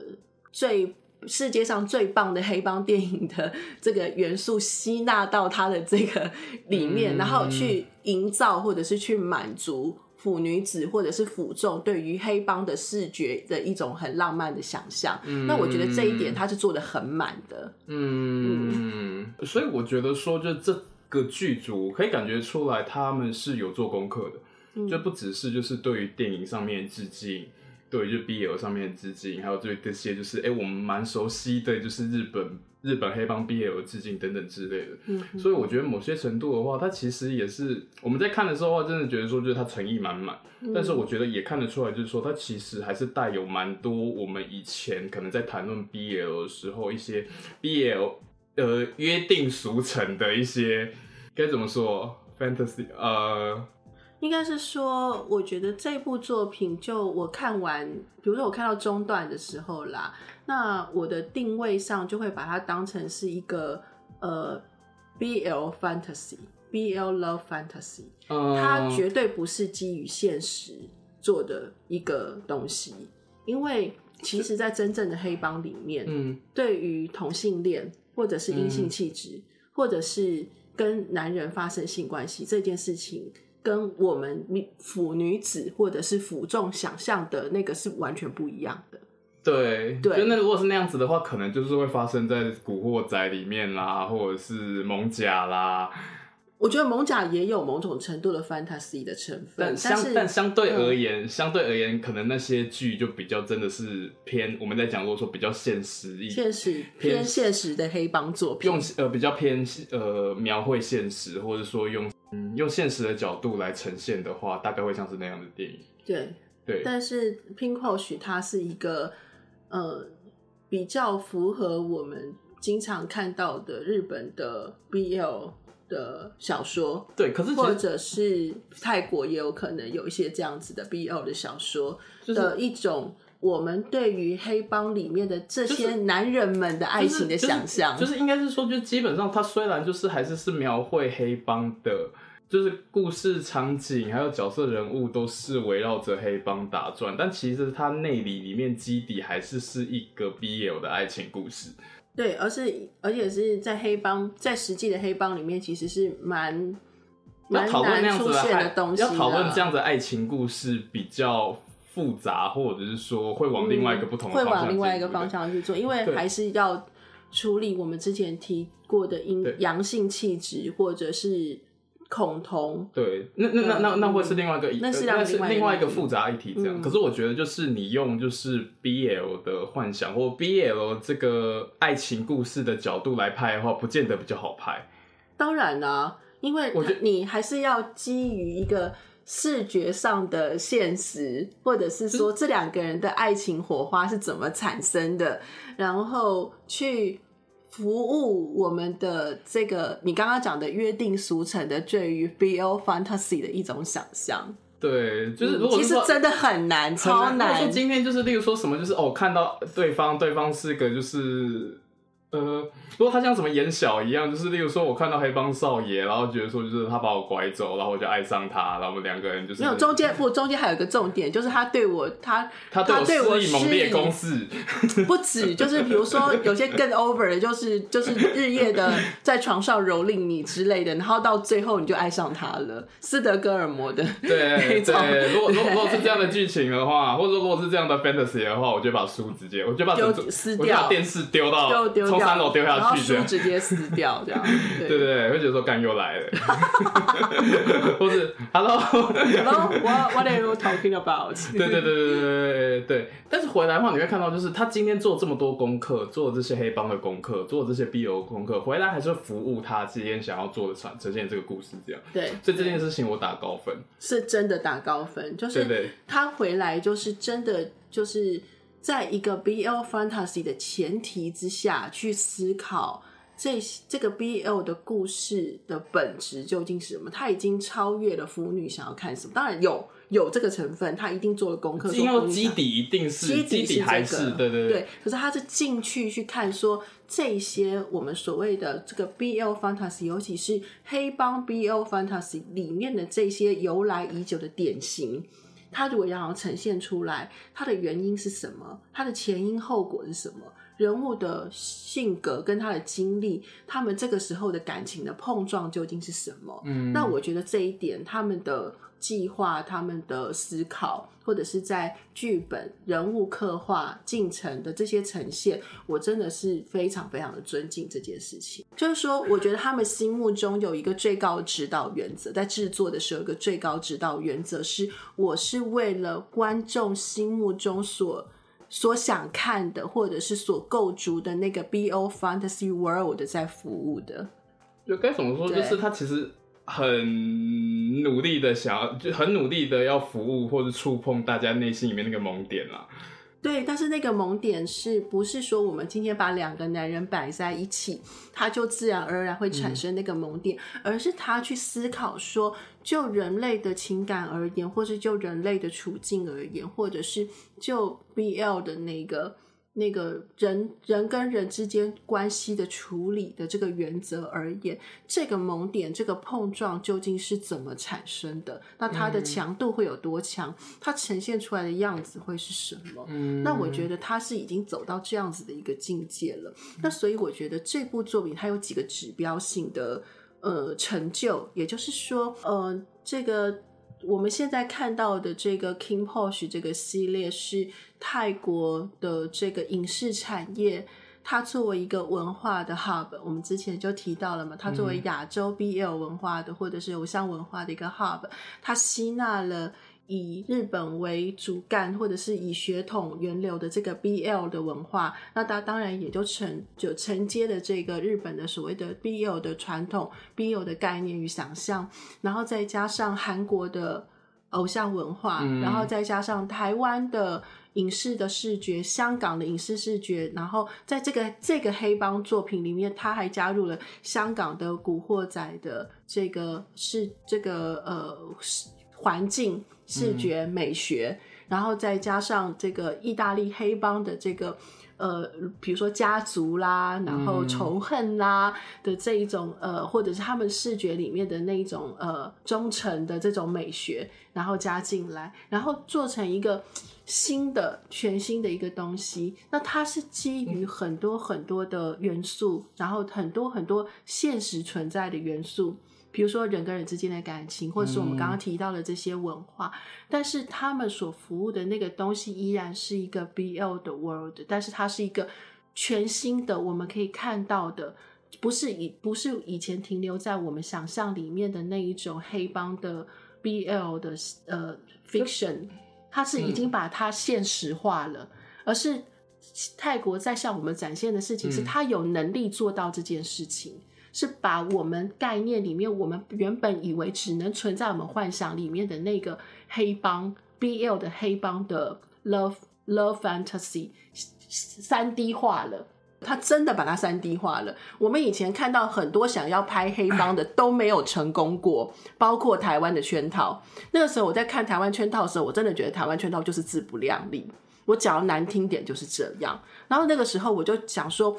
最世界上最棒的黑幫電影的這個元素吸納到他的這個裡面，嗯、然後去營造或者是去滿足腐女子或者是腐眾對於黑幫的視覺的一種很浪漫的想象。嗯、那我覺得這一點他是做得很滿的嗯。嗯，所以我覺得說就這。個劇組可以感覺出來，他們是有做功課的，嗯，就不只是就是對於電影上面的致敬，嗯、對，就 BL 上面的致敬，還有對這些就是，哎，欸，我們蠻熟悉的，就是日本日本黑幫 BL 致敬等等之類的。嗯，所以我覺得某些程度的話，他其實也是我們在看的時候的話，真的覺得說，就是他誠意滿滿。嗯。但是我覺得也看得出來，就是說他其實還是帶有蠻多我們以前可能在談論 BL 的時候一些 BL。呃，約定俗成的一些該怎麼說？fantasy 呃，應該是說，我覺得這部作品就我看完，比如說我看到中段的時候啦，那我的定位上就會把它當成是一個呃 BL fantasy，BL love fantasy，呃，它絕對不是基於現實做的一個東西，因為其實在真正的黑幫裡面，嗯，對於同性戀。或者是陰性氣質、嗯，或者是跟男人發生性關係這件事情，跟我們女腐女子或者是腐眾想象的那個是完全不一樣的。對。對，就那如果是那樣子的話，可能就是會發生在古惑仔裡面啦，或者是艋舺啦。我覺得《蒙甲》也有某種程度的 fantasy 的成分，但相但，但相對而言、嗯，相對而言，可能那些劇就比較真的是偏我們在講說，比較現實一點，現實偏，偏現實的黑幫作品，用呃比較偏呃描繪現實，或者說用嗯用現實的角度來呈現的話，大概會像是那樣的電影。對對，但是 Pink 或許它是一個呃比較符合我們經常看到的日本的 BL、嗯。的小說，對，可是或者，是泰國也有可能有一些這樣子的 BL 的小說的一種，我們對於黑幫裡面的這些男人們的愛情的想象，就是就是就是，就是應該是說，就是，基本上他雖然就是還是是描繪黑幫的，就是故事場景還有角色人物都是圍繞着黑幫打轉，但其實他內裡裡面基底還是是一個 BL 的愛情故事。對，而是，而且是在黑幫，在實際的黑幫裡面，其實是蠻蠻難出現的東西的。要討論這樣，的愛，這樣的愛情故事，比較複雜，或者是說會往另外一個不同的方向，嗯，會往另外一個方向去做，因為還是要處理我們之前提過的陰陽性氣質，或者是。恐同，對，那那、嗯、那那那會是另外一個，那、嗯、是另外一個複雜議題。這樣、嗯，可是我覺得就是你用就是 B L 的幻想、嗯、或 B L 這個愛情故事的角度來拍的話，不見得比較好拍。當然啦、啊，因為我覺得你還是要基於一個視覺上的現實，或者是說這兩個人的愛情火花是怎麼產生的，然後去。服務我們的這個，你剛剛講的約定俗成的，對於 BL Fantasy 的一種想象。對，就是如果是、嗯、其實真的很難，很難超難。是今天就是例如說什麼，就是哦，看到對方，對方是個就是。呃，如果他像什麼言小一樣，就是例如說，我看到黑幫少爺，然後覺得說，就是他把我拐走，然後我就愛上他，然後我們兩個人就是沒有中間不，中間還有一個重點，就是他對我他他對我猛烈攻勢，不止，就是比如說有些更 over 的，就是就是日夜的在床上蹂躪你之類的，然後到最後你就愛上他了。斯德哥爾摩的。對對，如果如果如果是這樣的劇情的話，或者如果是這樣的 fantasy 的話，我就把書直接我就把丟，撕掉。電視丟到丟丟、丟。三樓丟下去的，書直接撕掉這樣。 對，對對，會覺得說幹又來了 不，或是 Hello Hello what, what are you talking about？ 對對對對對對對。但是回來的話，你會看到，就是他今天做了這麼多功課，做了這些黑幫的功課，做了這些 BO 功課，回來還是服務他今天想要做的產呈現這個故事這樣。對，對，所以這件事情我打高分，是真的打高分，就是他回來就是真的就是。在一個 BL fantasy 的前提之下去思考這，這這個 BL 的故事的本質究竟是什麼？他已經超越了腐女想要看什麼？當然有有這個成分，他一定做了功課，因為基底一定是，基底是、這個、基底還是對對對，對。可是他是進去去看說這些我們所謂的這個 BL fantasy，尤其是黑幫 BL fantasy 裡面的這些由來已久的典型。他如果要呈現出來，他的原因是什麼？他的前因後果是什麼？人物的性格跟他的經歷，他們這個時候的感情的碰撞究竟是什麼？嗯，那我覺得這一點，他們的。計劃他們的思考，或者是在劇本、人物刻畫、進程的這些呈現，我真的是非常非常的尊敬這件事情。就是說，我覺得他們心目中有一個最高的指導原則，在制作的時候，有一個最高指導原則是，我是為了觀眾心目中所所想看的，或者是所構築的那個《BL Fantasy World》在服務的。就該怎麼說，就是他其實。很努力的想要，就很努力的要服務或者觸碰大家內心裡面那個萌點了、啊。對，但是那個萌點是不是說我們今天把兩個男人擺在一起，他就自然而然會產生那個萌點、嗯，而是他去思考說，就人類的情感而言，或者是就人類的處境而言，或者是就 BL 的那個。那個人人跟人之間關係的處理的這個原則而言，這個萌點、這個碰撞究竟是怎麼產生的？那它的強度會有多強？它呈現出來的樣子會是什麼？那我覺得它是已經走到這樣子的一個境界了。那所以我覺得這部作品它有幾個指標性的呃成就，也就是說，呃，這個。我們現在看到的這個 KinnPorsche 這個系列是泰國的這個影視產業，它作為一個文化的 hub，我們之前就提到了嘛，它作為亞洲 BL 文化的或者是偶像文化的一個 hub，它吸納了。以日本為主幹，或者是以血統源流的這個 BL 的文化，那它當然也就承就承接了這個日本的所謂的 BL 的傳統、BL 的概念與想象，然後再加上韓國的偶像文化，嗯、然後再加上台灣的影視的視覺、香港的影視視覺，然後在這個這個黑幫作品裡面，他還加入了香港的古惑仔的這個是這個呃環境。視覺美學，嗯，然後再加上這個意大利黑幫的這個，呃，比如說家族啦，然後仇恨啦，嗯，的這一種，呃，或者是他們視覺裡面的那一種，呃，忠誠的這種美學，然後加進來，然後做成一個新的全新的一個東西。那它是基於很多很多的元素，嗯，然後很多很多現實存在的元素。比如說人跟人之間的感情，或者是我們剛剛提到的這些文化、嗯，但是他們所服務的那個東西依然是一個 BL 的 world，但是它是一個全新的，我們可以看到的，不是以不是以前停留在我們想象裡面的那一種黑幫的 BL 的、嗯、呃 fiction，它是已經把它現實化了、嗯，而是泰國在向我們展現的事情是他有能力做到這件事情。嗯是把我們概念裡面，我們原本以為只能存在我們幻想裡面的那個黑幫 BL 的黑幫的 love love fantasy 三 D 化了。他真的把它三 D 化了。我們以前看到很多想要拍黑幫的都沒有成功過，包括台灣的《圈套》。那個時候我在看《台灣圈套》的時候，我真的覺得《台灣圈套》就是自不量力。我講的難聽點就是這樣。然後那個時候我就想說。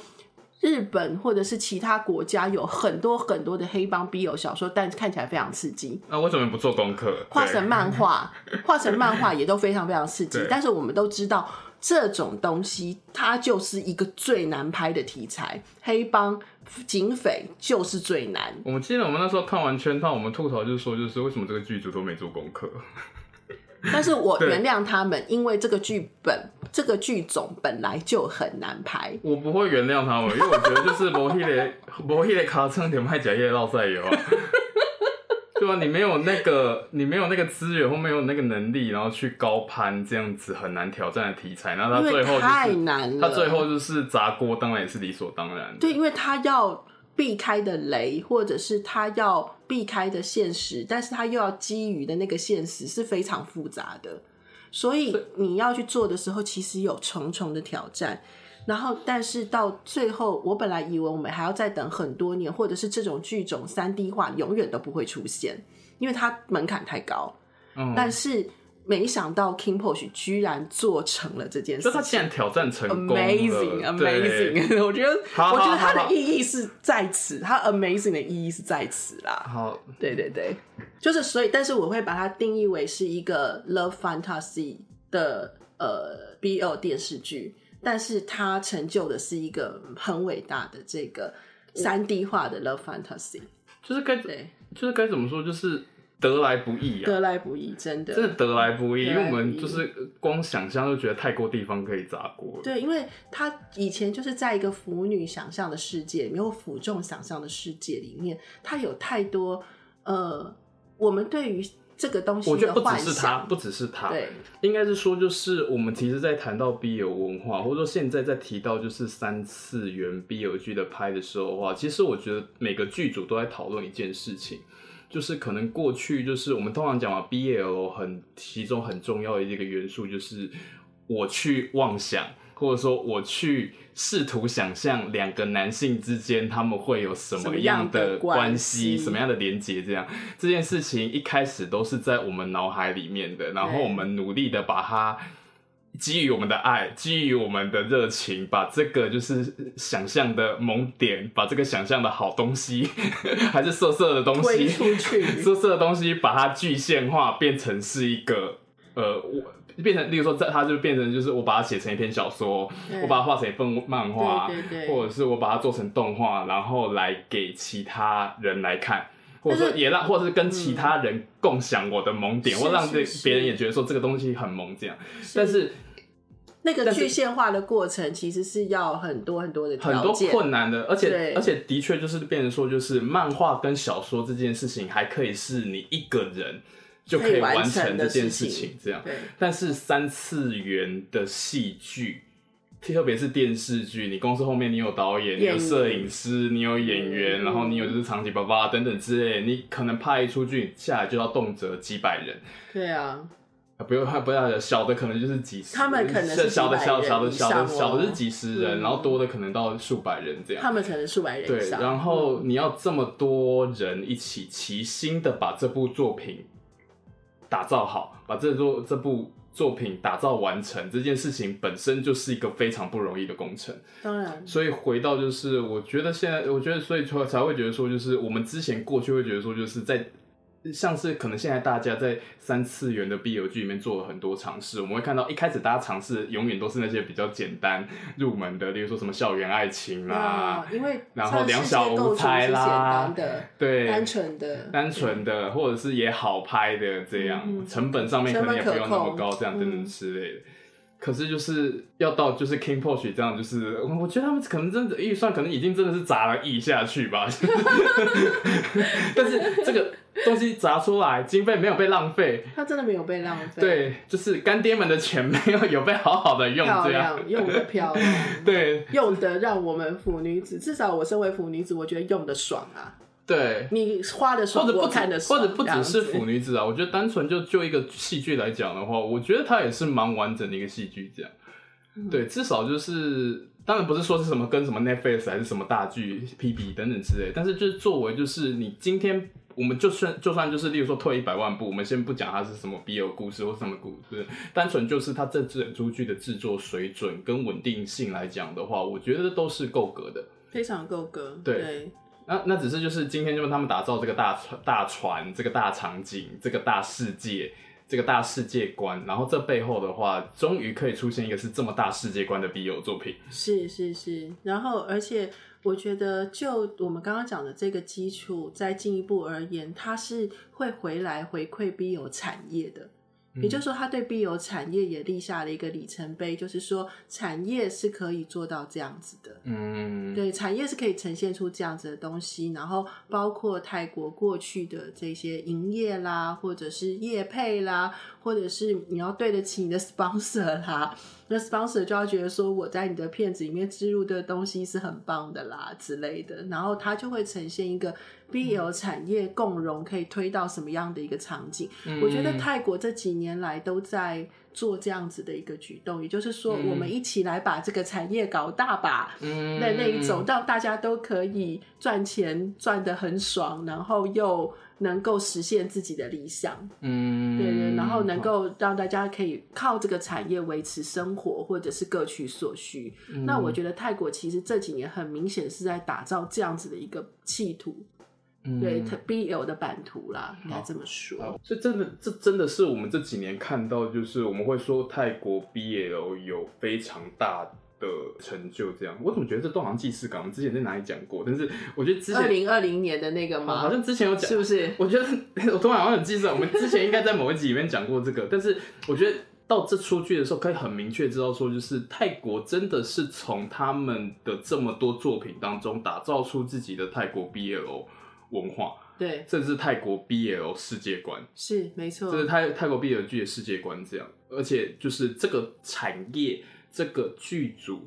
日本或者是其他國家有很多很多的黑幫 BL 小說，但看起來非常刺激。那、啊、為什麼不做功課？畫成漫畫，畫成漫畫也都非常非常刺激。但是我們都知道，這種東西它就是一個最難拍的題材，黑幫警匪就是最難。我們記得我們那時候看完《圈套》，我們吐槽就是說，就是為什麼這個劇組都沒做功課。但是我原諒他們，因為這個劇本、這個劇種本來就很難拍。我不會原諒他們，因為我覺得就是羅希的羅希的卡車得賣假藥，賽 塞油、啊， 對吧、啊？你沒有那個，你沒有那個資源，或沒有那個能力，然後去高攀這樣子很難挑戰的題材，那他最後、就是、太難了，他最後就是砸鍋，當然也是理所當然。對，因為他要。避開的雷，或者是他要避開的現實，但是他又要基於的那個現實是非常複雜的，所以你要去做的時候，其實有重重的挑戰。然後，但是到最後，我本來以為我們還要再等很多年，或者是這種劇種 3D 化永遠都不會出現，因為它門檻太高。嗯，但是。沒想到 KinnPorsche 居然做成了這件事情，那他竟然挑戰成功 Amazing, Amazing。我覺得，好好好，我覺得它的意義是在此好好，他 Amazing 的意義是在此啦。好，對對對，就是所以，但是我會把它定義為是一個 Love Fantasy 的呃 BL 電視劇，但是他成就的是一個很偉大的這個三 D 化的 Love Fantasy，就是該，就是該怎麼說，就是。得來不易啊！得來不易，真的，真的得來不易，因為我們就是光想象就覺得太多地方可以砸鍋了。對，因為他以前就是在一個腐女想象的世界，沒有腐眾想象的世界裡面，他有太多呃，我們對於這個東西，我覺得不只是他，不只是他，對對應該是說，就是我們其實，在談到 BL 文化，或者說現在在提到就是三次元 BL 劇的拍的時候的話，其實我覺得每個劇組都在討論一件事情。就是可能過去就是我們通常講嘛，BL 很其中很重要的一個元素就是我去妄想，或者說我去試圖想象兩個男性之間他們會有什麼樣的關係，什麼樣的連接，這樣這件事情一開始都是在我們腦海裡面的，然後我們努力的把它。基於我們的愛，基於我們的熱情，把這個就是想象的萌點，把這個想象的好東西， 還是色色的東西，色色的東西，把它具現化，變成是一個呃，我變成，例如說這，在它就變成就是我把它寫成一篇小說，我把它畫成一份漫畫，或者是我把它做成動畫，然後來給其他人來看，或者說也讓，或者是跟其他人共享我的萌點，嗯、或讓這別人也覺得說這個東西很萌這樣，是但是。那個具現化的過程其實是要很多很多的很多困難的，而且而且的確就是變成說，就是漫畫跟小說這件事情還可以是你一個人就可以完成這件事情，這樣。但是三次元的戲劇，特別是電視劇，你公司後面你有導演，演你有攝影師，你有演員、嗯，然後你有就是長期爸爸等等之類，你可能拍一出劇下來就要動輒幾百人。對啊。不用，不要小的，可能就是幾十人，他們可能小的，小的小，小的，小的，小的是幾十人，嗯，然後多的可能到數百人這樣，他們才能數百人對。然後你要這麼多人一起齊心的把這部作品打造好，把這座這部作品打造完成，這件事情本身就是一個非常不容易的工程。當然，所以回到就是，我覺得現在，我覺得所以才才會覺得說，就是我們之前過去會覺得說，就是在。像是可能現在大家在三次元的 BL 劇裡面做了很多嘗試，我們會看到一開始大家嘗試永遠都是那些比較簡單入門的，例如說什麼校園愛情啦，因為然後兩小無猜啦簡單的，對，單純的、單純的、嗯，或者是也好拍的這樣、嗯，成本上面可能也不用那麼高，這樣、嗯、等等之類的。可是就是要到就是 KinnPorsche 這樣，就是我覺得他們可能真的預算可能已經真的是砸了億下去吧， 但是這個。東西砸出來，經費沒有被浪費。他真的沒有被浪費、啊。對，就是乾爹們的錢沒有有被好好的用這樣用的漂亮， 對，用得讓我們腐女子至少我身為腐女子，我覺得用的爽啊。對，你花的爽或者我看的爽，或者不只是腐女子啊，我覺得單純就就一個戲劇來講的話，我覺得它也是蠻完整的一個戲劇這樣、嗯。對，至少就是當然不是說是什麼跟什麼 Netflix 還是什麼大劇 PB 等等之類，但是就是作為就是你今天。我們就算就算就是，例如說退一百萬步，我們先不講它是什麼 BL 故事或什麼故事，單純就是它這支演出劇的制作水準跟穩定性來講的話，我覺得都是夠格的，非常夠格。對，對那那只是就是今天就他們打造這個大船、大船這個大場景、這個大世界。這個大世界觀，然後這背後的話，終於可以出現一個是這麼大世界觀的 BL 作品，是是是，然後而且我覺得，就我們剛剛講的這個基礎，再進一步而言，它是會回來回饋 BL 產業的。也就是說，他對 BL 產業也立下了一個里程碑，就是說產業是可以做到這樣子的。嗯，對，產業是可以呈現出這樣子的東西。然後包括泰國過去的這些營業啦，或者是業配啦，或者是你要對得起你的 sponsor 啦。那 sponsor 就要覺得說我在你的片子裡面植入的東西是很棒的啦之類的，然後它就會呈現一個 B L 產業共榮可以推到什麼樣的一個場景。嗯。我覺得泰國這幾年來都在做這樣子的一個舉動，嗯、也就是說，我們一起來把這個產業搞大吧、嗯。那那走到大家都可以賺錢賺得很爽，然後又。能夠實現自己的理想，嗯，對對，然後能夠讓大家可以靠這個產業維持生活，或者是各取所需，嗯。那我覺得泰國其實這幾年很明顯是在打造這樣子的一個企圖，嗯，對 BL 的版圖啦，應該這麼說。所以，真的，這真的是我們這幾年看到，就是我們會說泰國 BL 有非常大。的成就，這樣，我怎麼覺得這都好像既視感，我們之前在哪裡講過？但是我覺得之前二零二零年的那個嗎？好像之前有講，是不是？我覺得我都好像很記得，我們之前應該在某一集裡面講過這個。 但是我覺得到這出劇的時候，可以很明確知道說，就是泰國真的是從他們的這麼多作品當中打造出自己的泰國 BL 文化，對，甚至泰國 BL 世界觀是沒錯，就是泰泰國 BL 劇的世界觀這樣。而且就是這個產業。這個劇組、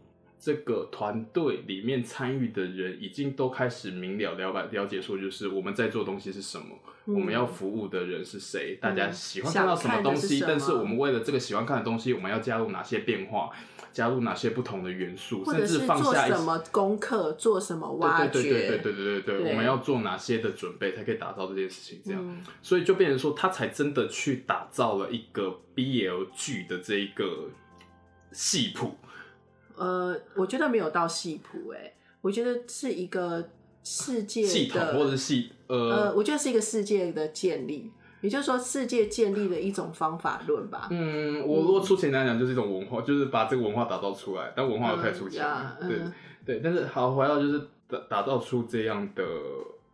這個團隊裡面參與的人，已經都開始明了了解、了解，說就是我們在做東西是什麼、嗯，我們要服務的人是誰，嗯、大家喜歡看到什麼東西麼。但是我們為了這個喜歡看的東西，我們要加入哪些變化，加入哪些不同的元素，做甚至放下什麼功課，做什麼挖掘，對對對對對對對、對、對、對、對，我們要做哪些的準備，才可以打造這件事情。這樣、嗯，所以就變成說，他才真的去打造了一個 BL 劇的這一個。系譜，呃，我覺得沒有到系譜，哎，我覺得是一個世界的，系統或者是系呃，呃，我覺得是一個世界的建立，也就是說，世界建立的一種方法論吧。嗯，我如果出錢來講，就是一種文化、嗯，就是把這個文化打造出來，但文化有太出錢、嗯，對、嗯、對。但是好，回到就是打打造出這樣的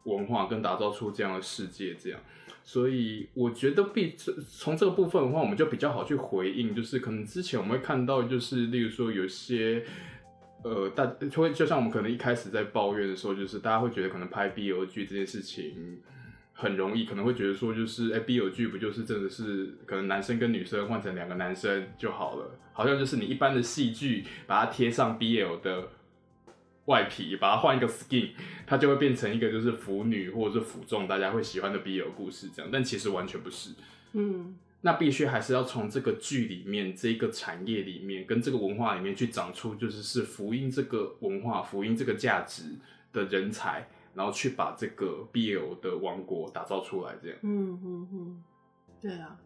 文化，跟打造出這樣的世界，這樣。所以我覺得必，這從這個部分的話，我們就比較好去回應，就是可能之前我們會看到，就是例如說有些，呃，大就會就像我們可能一開始在抱怨的時候，就是大家會覺得可能拍 BL 劇這件事情很容易，可能會覺得說就是、欸、BL 劇不就是真的是可能男生跟女生換成兩個男生就好了，好像就是你一般的戲劇把它貼上 BL 的。外皮把它換一個 skin，它就會變成一個就是腐女或者是腐眾大家會喜歡的 BL 故事這樣，但其實完全不是。嗯，那必須還是要從這個劇裡面、這個產業裡面、跟這個文化裡面去長出，就是是服膺這個文化、服膺這個價值的人才，然後去把這個 BL 的王國打造出來這樣。嗯嗯嗯，對啊，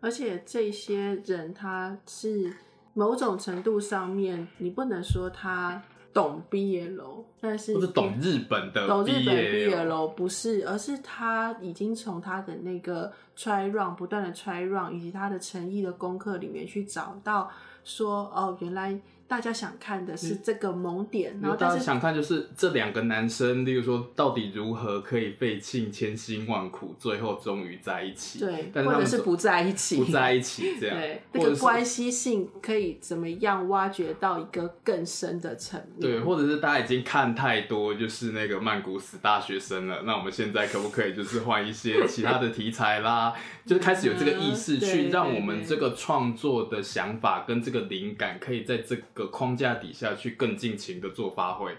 而且這些人他是某種程度上面，你不能說他。懂 BL，但是，不是懂日本的，懂日本 BL 不是，而是他已經從他的那個 try run 不斷的 try run 以及他的誠意的功課裡面去找到說，哦，原來大家想看的是這個萌點，嗯、然後是大家想看就是這兩個男生，例如說到底如何可以費盡千辛萬苦，最後終於在一起，對，或者是不在一起，不在一起這樣，對，那個關係性可以怎麼樣挖掘到一個更深的層面？對，或者是大家已經看太多就是那個曼谷死大學生了，那我們現在可不可以就是換一些其他的題材啦？ 就是開始有這個意識，去讓我們這個創作的想法跟這個靈感，可以在這個框架底下去更盡情的做發揮。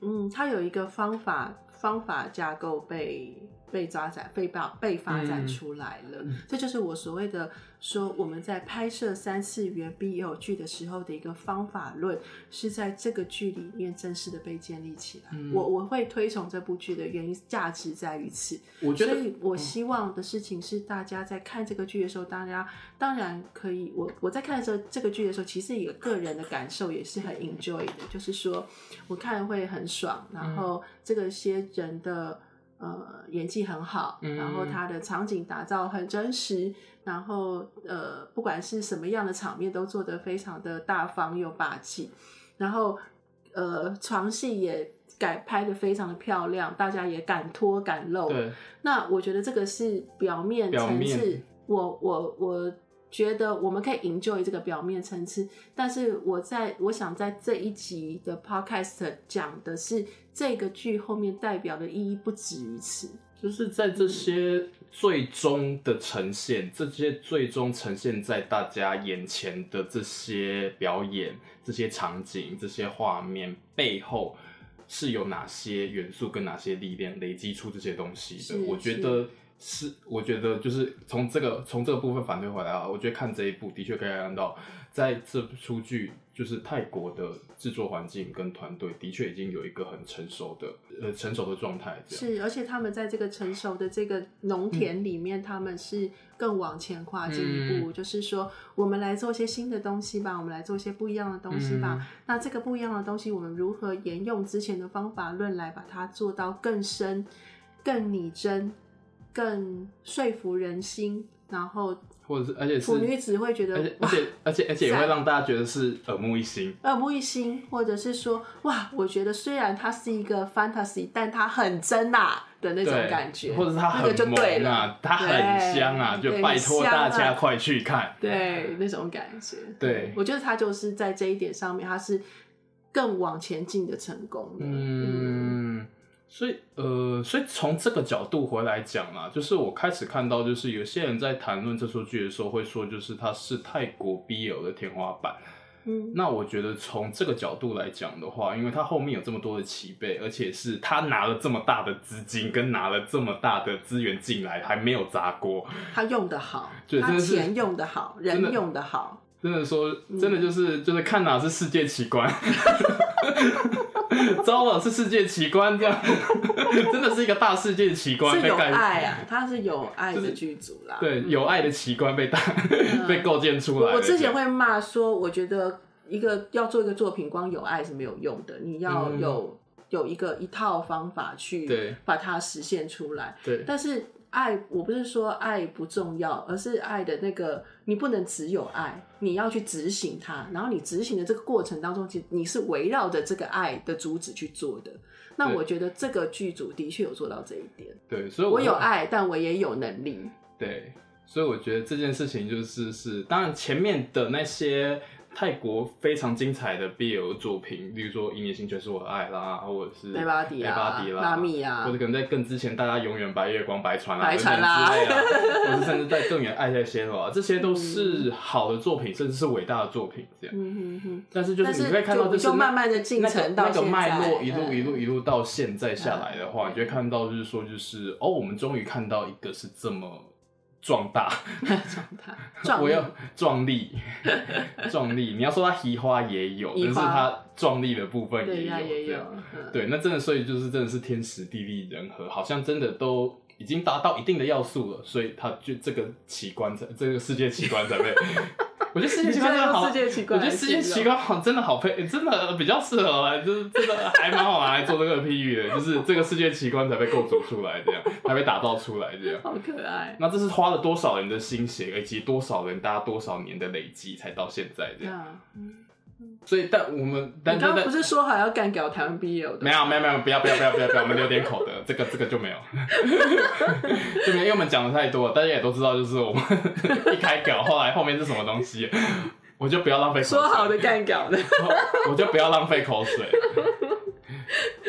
嗯，它有一個方法方法架構被。被發展、被爆、被發展出來了、嗯，這就是我所謂的說我們在拍攝三次元 BL 劇的時候的一個方法論，是在這個劇裡面正式的被建立起來。嗯、我我會推崇這部劇的原因，價值在於此。我覺得，所以我希望的事情是，大家在看這個劇的時候，大家當然可以。我我在看的時候，這個劇的時候，其實也個人的感受也是很 enjoy 的，就是說我看會很爽，然後這個些人的。呃，演技很好，嗯，然後他的場景打造很真實，然後呃，不管是什麼樣的場面都做得非常的大方又霸氣，然後呃，床戲也改拍得非常的漂亮，大家也敢脫敢露，那我覺得這個是表面層次，我我我。我我覺得我們可以 enjoy 這個表面層次，但是我在我想在這一集的 Podcast 講的是這個劇後面代表的意義不止於此，就是在這些最終的呈現，嗯、這些最終呈現在大家眼前的這些表演、這些場景、這些畫面背後，是有哪些元素跟哪些力量累積出這些東西的？我覺得。是，我覺得就是從這個從這個部分反推回來啊，我覺得看這一部的確可以看到，在這齣劇就是泰國的製作環境跟團隊的確已經有一個很成熟的呃成熟的狀態。是，而且他們在這個成熟的這個農田裡面，嗯、他們是更往前跨進一步，嗯，就是說我們來做些新的東西吧，我們來做些不一樣的東西吧。嗯、那這個不一樣的東西，我們如何沿用之前的方法論來把它做到更深、更擬真？更說服人心，然後或者是而且是，腐女子會覺得，而且而且而且也會讓大家覺得是耳目一新，耳目一新，或者是說哇，我覺得雖然它是一個 fantasy，但它很真啊的那種感覺，或者它很萌、啊、它很香啊，就拜托大家快去看，啊、對那種感覺，對，我覺得它就是在這一點上面，它是更往前進的成功，嗯。嗯所以，呃，所以從這個角度回來講啦，啊，就是我開始看到，就是有些人在談論這出劇的時候會說，就是它是泰國 BL 的天花板。嗯，那我覺得從這個角度來講的話，因為它後面有這麼多的齊備，而且是他拿了這麼大的資金跟拿了這麼大的資源進來，還沒有砸鍋，他用得好，的他錢用得好，人用得好。真的說，真的就是、嗯、就是看啊，是世界奇觀， 糟了是世界奇觀這樣， 真的是一個大世界奇觀。是有愛啊，他是有愛的劇組啦，就是、對、嗯，有愛的奇觀被大、嗯，被構建出來。我之前會罵說，我覺得一個要做一個作品，光有愛是沒有用的，你要有、嗯、有一個一套方法去把它實現出來。對，但是。愛，我不是說愛不重要，而是愛的那個，你不能只有愛，你要去執行它。然後你執行的這個過程當中，其實你是圍繞着這個愛的主旨去做的。那我覺得這個劇組的確有做到這一點。對，所以我，我有愛，但我也有能力。對，所以我覺得這件事情就是是，當然前面的那些。泰國非常精彩的必 l 作品，例如說《音樂星球、就是我的愛》啦，或者是《艾巴迪啦》拉啦拉密》或者可能在更之前，《大家永遠白月光》《白船》啦，白等之類啦。或者甚至在更遠，《愛在先羅》啊，這些都是好的作品， 甚至是偉大的作品。這樣，嗯哼哼但是就是你會看到這，是就是慢慢的進程到那個到現在，那個、脈絡，一路一路一路到現在下來的話，嗯、你就會看到就是說，就是哦，我們終於看到一個是這麼。壯大，壯 大，大，我要壯麗，壯 麗。你要說它奇花也有， 但是它壯麗的部分也有， 對也有對、啊嗯。對，那真的，所以就是真的是天時地利人和，好像真的都已經達到一定的要素了，所以它就這個奇觀，在這個世界奇觀在被。 我覺得世界奇觀真的好，我覺得世界奇觀好真的好配，真的比較適合，欸，就是這個還蠻好拿來，做這個比喻的，欸， 就是這個世界奇觀才被構築出來，這樣才被打造出來，這樣。好可愛。那這是花了多少人的心血，以及多少人大家多少年的累積，才到現在這樣。嗯所以，但我們剛他不是說好要幹搞台灣畢業的？沒有，沒有，沒有，不要，不要，不要，不要，我們留點口德，這個，這個就沒有 就沒有。因為我們講的太多了，大家也都知道，就是我們一開搞，後來後面是什麼東西，我就不要浪費。說好的幹搞，然後我就不要浪費口水。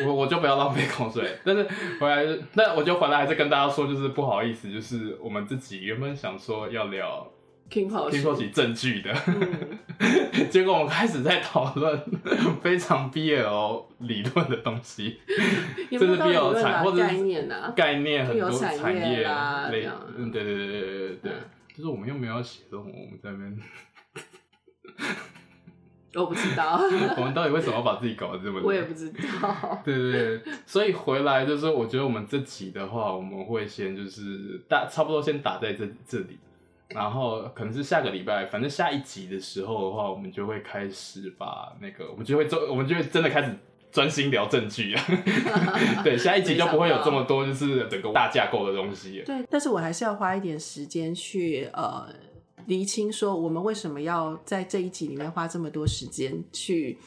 我我就不要浪費口水。但是回來，但我就反正還是跟大家說，就是不好意思，就是我們自己原本想說要聊。聽說起證據的，嗯、 結果我們開始在討論非常 BL 理論的東西， 有有甚至 BL 產、啊、或者概念的很多產業啊，對對對對、啊、對對就是我們又沒有寫這種我們在那邊， 我不知道， 我們到底為什麼要把自己搞得這麼，我也不知道，對對，對。所以回來就是我覺得我們這集的話，我們會先就是大差不多先打在這這裡。然後可能是下個禮拜，反正下一集的時候的話，我們就會開始把那個，我們就會做，我們就會真的開始專心聊證據啊。 對，下一集就不會有這麼多就是整個大架構的東西。 對，但是我還是要花一點時間去呃釐清，說我們為什麼要在這一集裡面花這麼多時間去。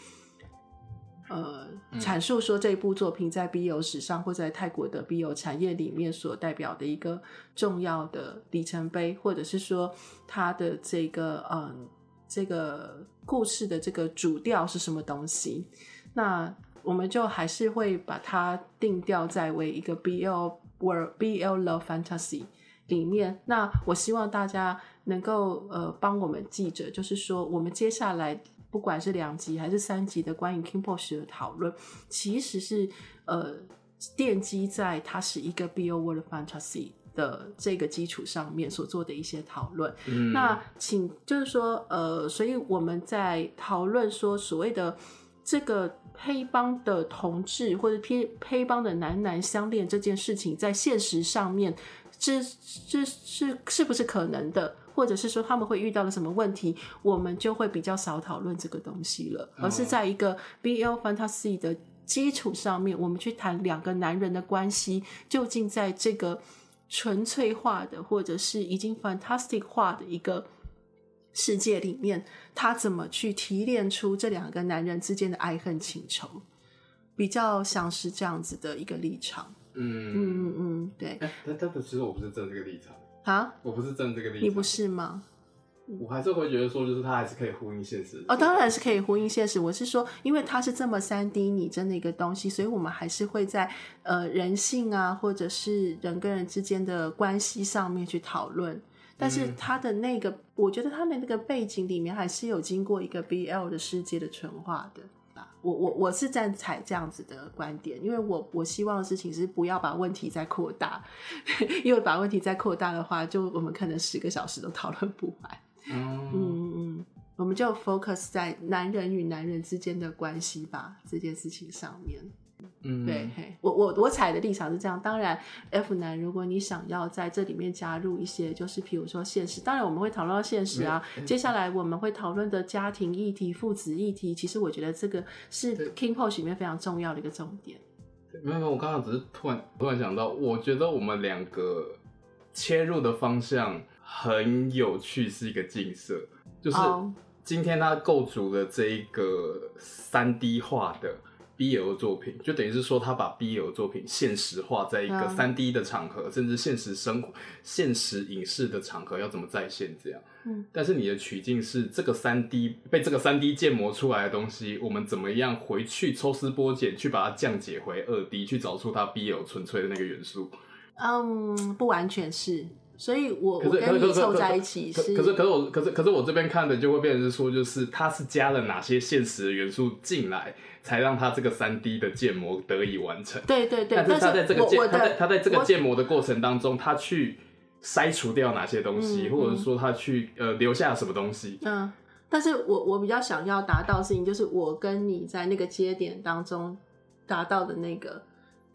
呃，闡述說這部作品在 BL 史上，或在泰國的 BL 產業裡面所代表的一個重要的里程碑，或者是說它的這個嗯，這個故事的這個主調是什麼東西？那我們就還是會把它定調在為一個 BL World, BL love fantasy 裡面。那我希望大家能夠呃幫我們記着，就是說我們接下來，不管是兩集還是三集的關於 KinnPorsche 的討論，其實是呃奠基在它是一個 BL World Fantasy 的這個基礎上面所做的一些討論。嗯。那請就是說呃，所以我們在討論說所謂的這個黑幫的同志或者黑黑幫的男男相戀這件事情，在現實上面這這是這是，是不是可能的？或者是說他們會遇到了什麼問題，我們就會比較少討論這個東西了。Oh. 而是在一個 BL fantasy 的基礎上面，我們去談兩個男人的關係，究竟在這個純粹化的或者是已經 fantastic 化的一個世界裡面，他怎麼去提煉出這兩個男人之間的愛恨情仇，比較像是這樣子的一個立場。嗯嗯嗯，對。但但其實我不是這個立場。啊，我不是真的這個地方，你不是嗎？我還是會覺得說，就是他還是可以呼應現實、嗯、哦，當然是可以呼應現實。我是說，因為他是這麼三 D 擬真的一個東西，所以我們還是會在呃人性啊，或者是人跟人之間的關係上面去討論。但是他的那個、嗯，我覺得他的那個背景裡面，還是有經過一個 BL 的世界的純化的。我我我是站在這樣子的觀點，因為我我希望的事情是不要把問題再擴大，因為把問題再擴大的話，就我們可能十個小時都討論不完。嗯嗯嗯，我們就 focus 在男人與男人之間的關係吧，這件事情上面。嗯，對，嘿我我我踩的立場是這樣。當然，F 男，如果你想要在這裡面加入一些，就是譬如說現實，當然我們會討論到現實啊、嗯欸。接下來我們會討論的家庭議題、父子議題，其實我覺得這個是 KinnPorsche 裡面非常重要的一個重點。沒有沒有，我剛剛只是突然突然想到，我覺得我們兩個切入的方向很有趣，是一個鏡射，就是今天他構築了這一個 3D 化的。B L 作品就等於是說，他把 B L 作品現實化，在一個三 D 的場合，yeah. 甚至現實生活、現實影視的場合要怎麼再現？這樣，嗯，但是你的取徑是這個三 D 被這個三 D 建模出來的東西，我們怎麼樣回去抽絲剝繭，去把它降解回二 D，去找出它 B L 純粹的那個元素？嗯、um, 不完全是。所以我，我我跟你湊在一起是，是，是，是。可是，可是我，可是，可是我這邊看的就會變成是說，就是他是加了哪些現實元素進來，才讓他這個三 D 的建模得以完成。對對對。但是他在這個建他在他在這個建模的過程當中，他去篩除掉哪些東西，嗯嗯、或者說他去呃留下什麼東西。嗯。但是我我比較想要達到的事情，就是我跟你在那個節點當中達到的那個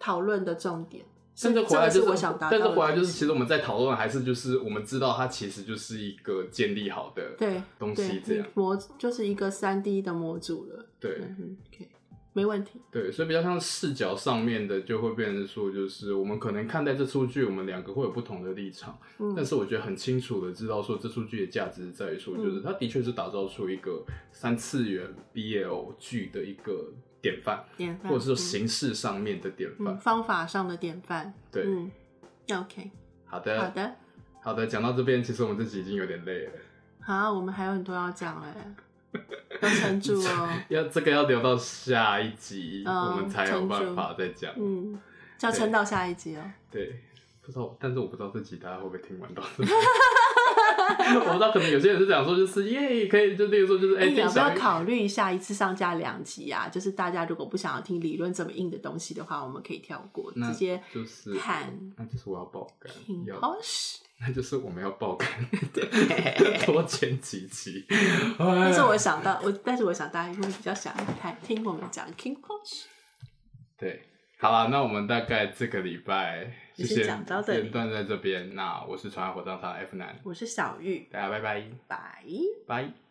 討論的重點。甚至回來就是，是，但是回來就是，其實我們在討論還是就是，我們知道它其實就是一個建立好的東西這樣。對對，模就是一個三 D 的模組了。對，嗯 okay. 沒問題。對，所以比較像視角上面的，就會變成說，就是我們可能看待這齣劇，我們兩個會有不同的立場、嗯。但是我覺得很清楚的知道，說這齣劇的價值在於說，就是它的確是打造出一個三次元 BL 劇的一個。典範，或者是說形式上面的典範，嗯，方法上的典範，對、嗯、OK，好的，好的，好的。講到這邊，其實我們自己已經有點累了。啊，我們還有很多要講哎，要 撐住哦， 要這個要留到下一集，嗯、我們才有辦法再講，嗯，要撐到下一集哦。對，不知道，但是我不知道這集大家會不會聽完到。 我不知道，可能有些人是想說，就是耶、yeah，可以就等於說，就是哎、欸，你要不要考慮一下一次上架兩集啊？就是大家如果不想要聽理論這麼硬的東西的話，我們可以跳過，直接看就是、看。那就是我要爆肝。KinnPorsche 那就是我們要爆肝，對， 多前幾集。 但是我想到，我但是我想大家會比較想聽聽我們講 KinnPorsche。KinnPorsche? 對，好了，那我們大概這個禮拜，謝謝，時間段在這邊。那我是《長安火葬場》F 男，我是小玉，大家拜拜，拜拜。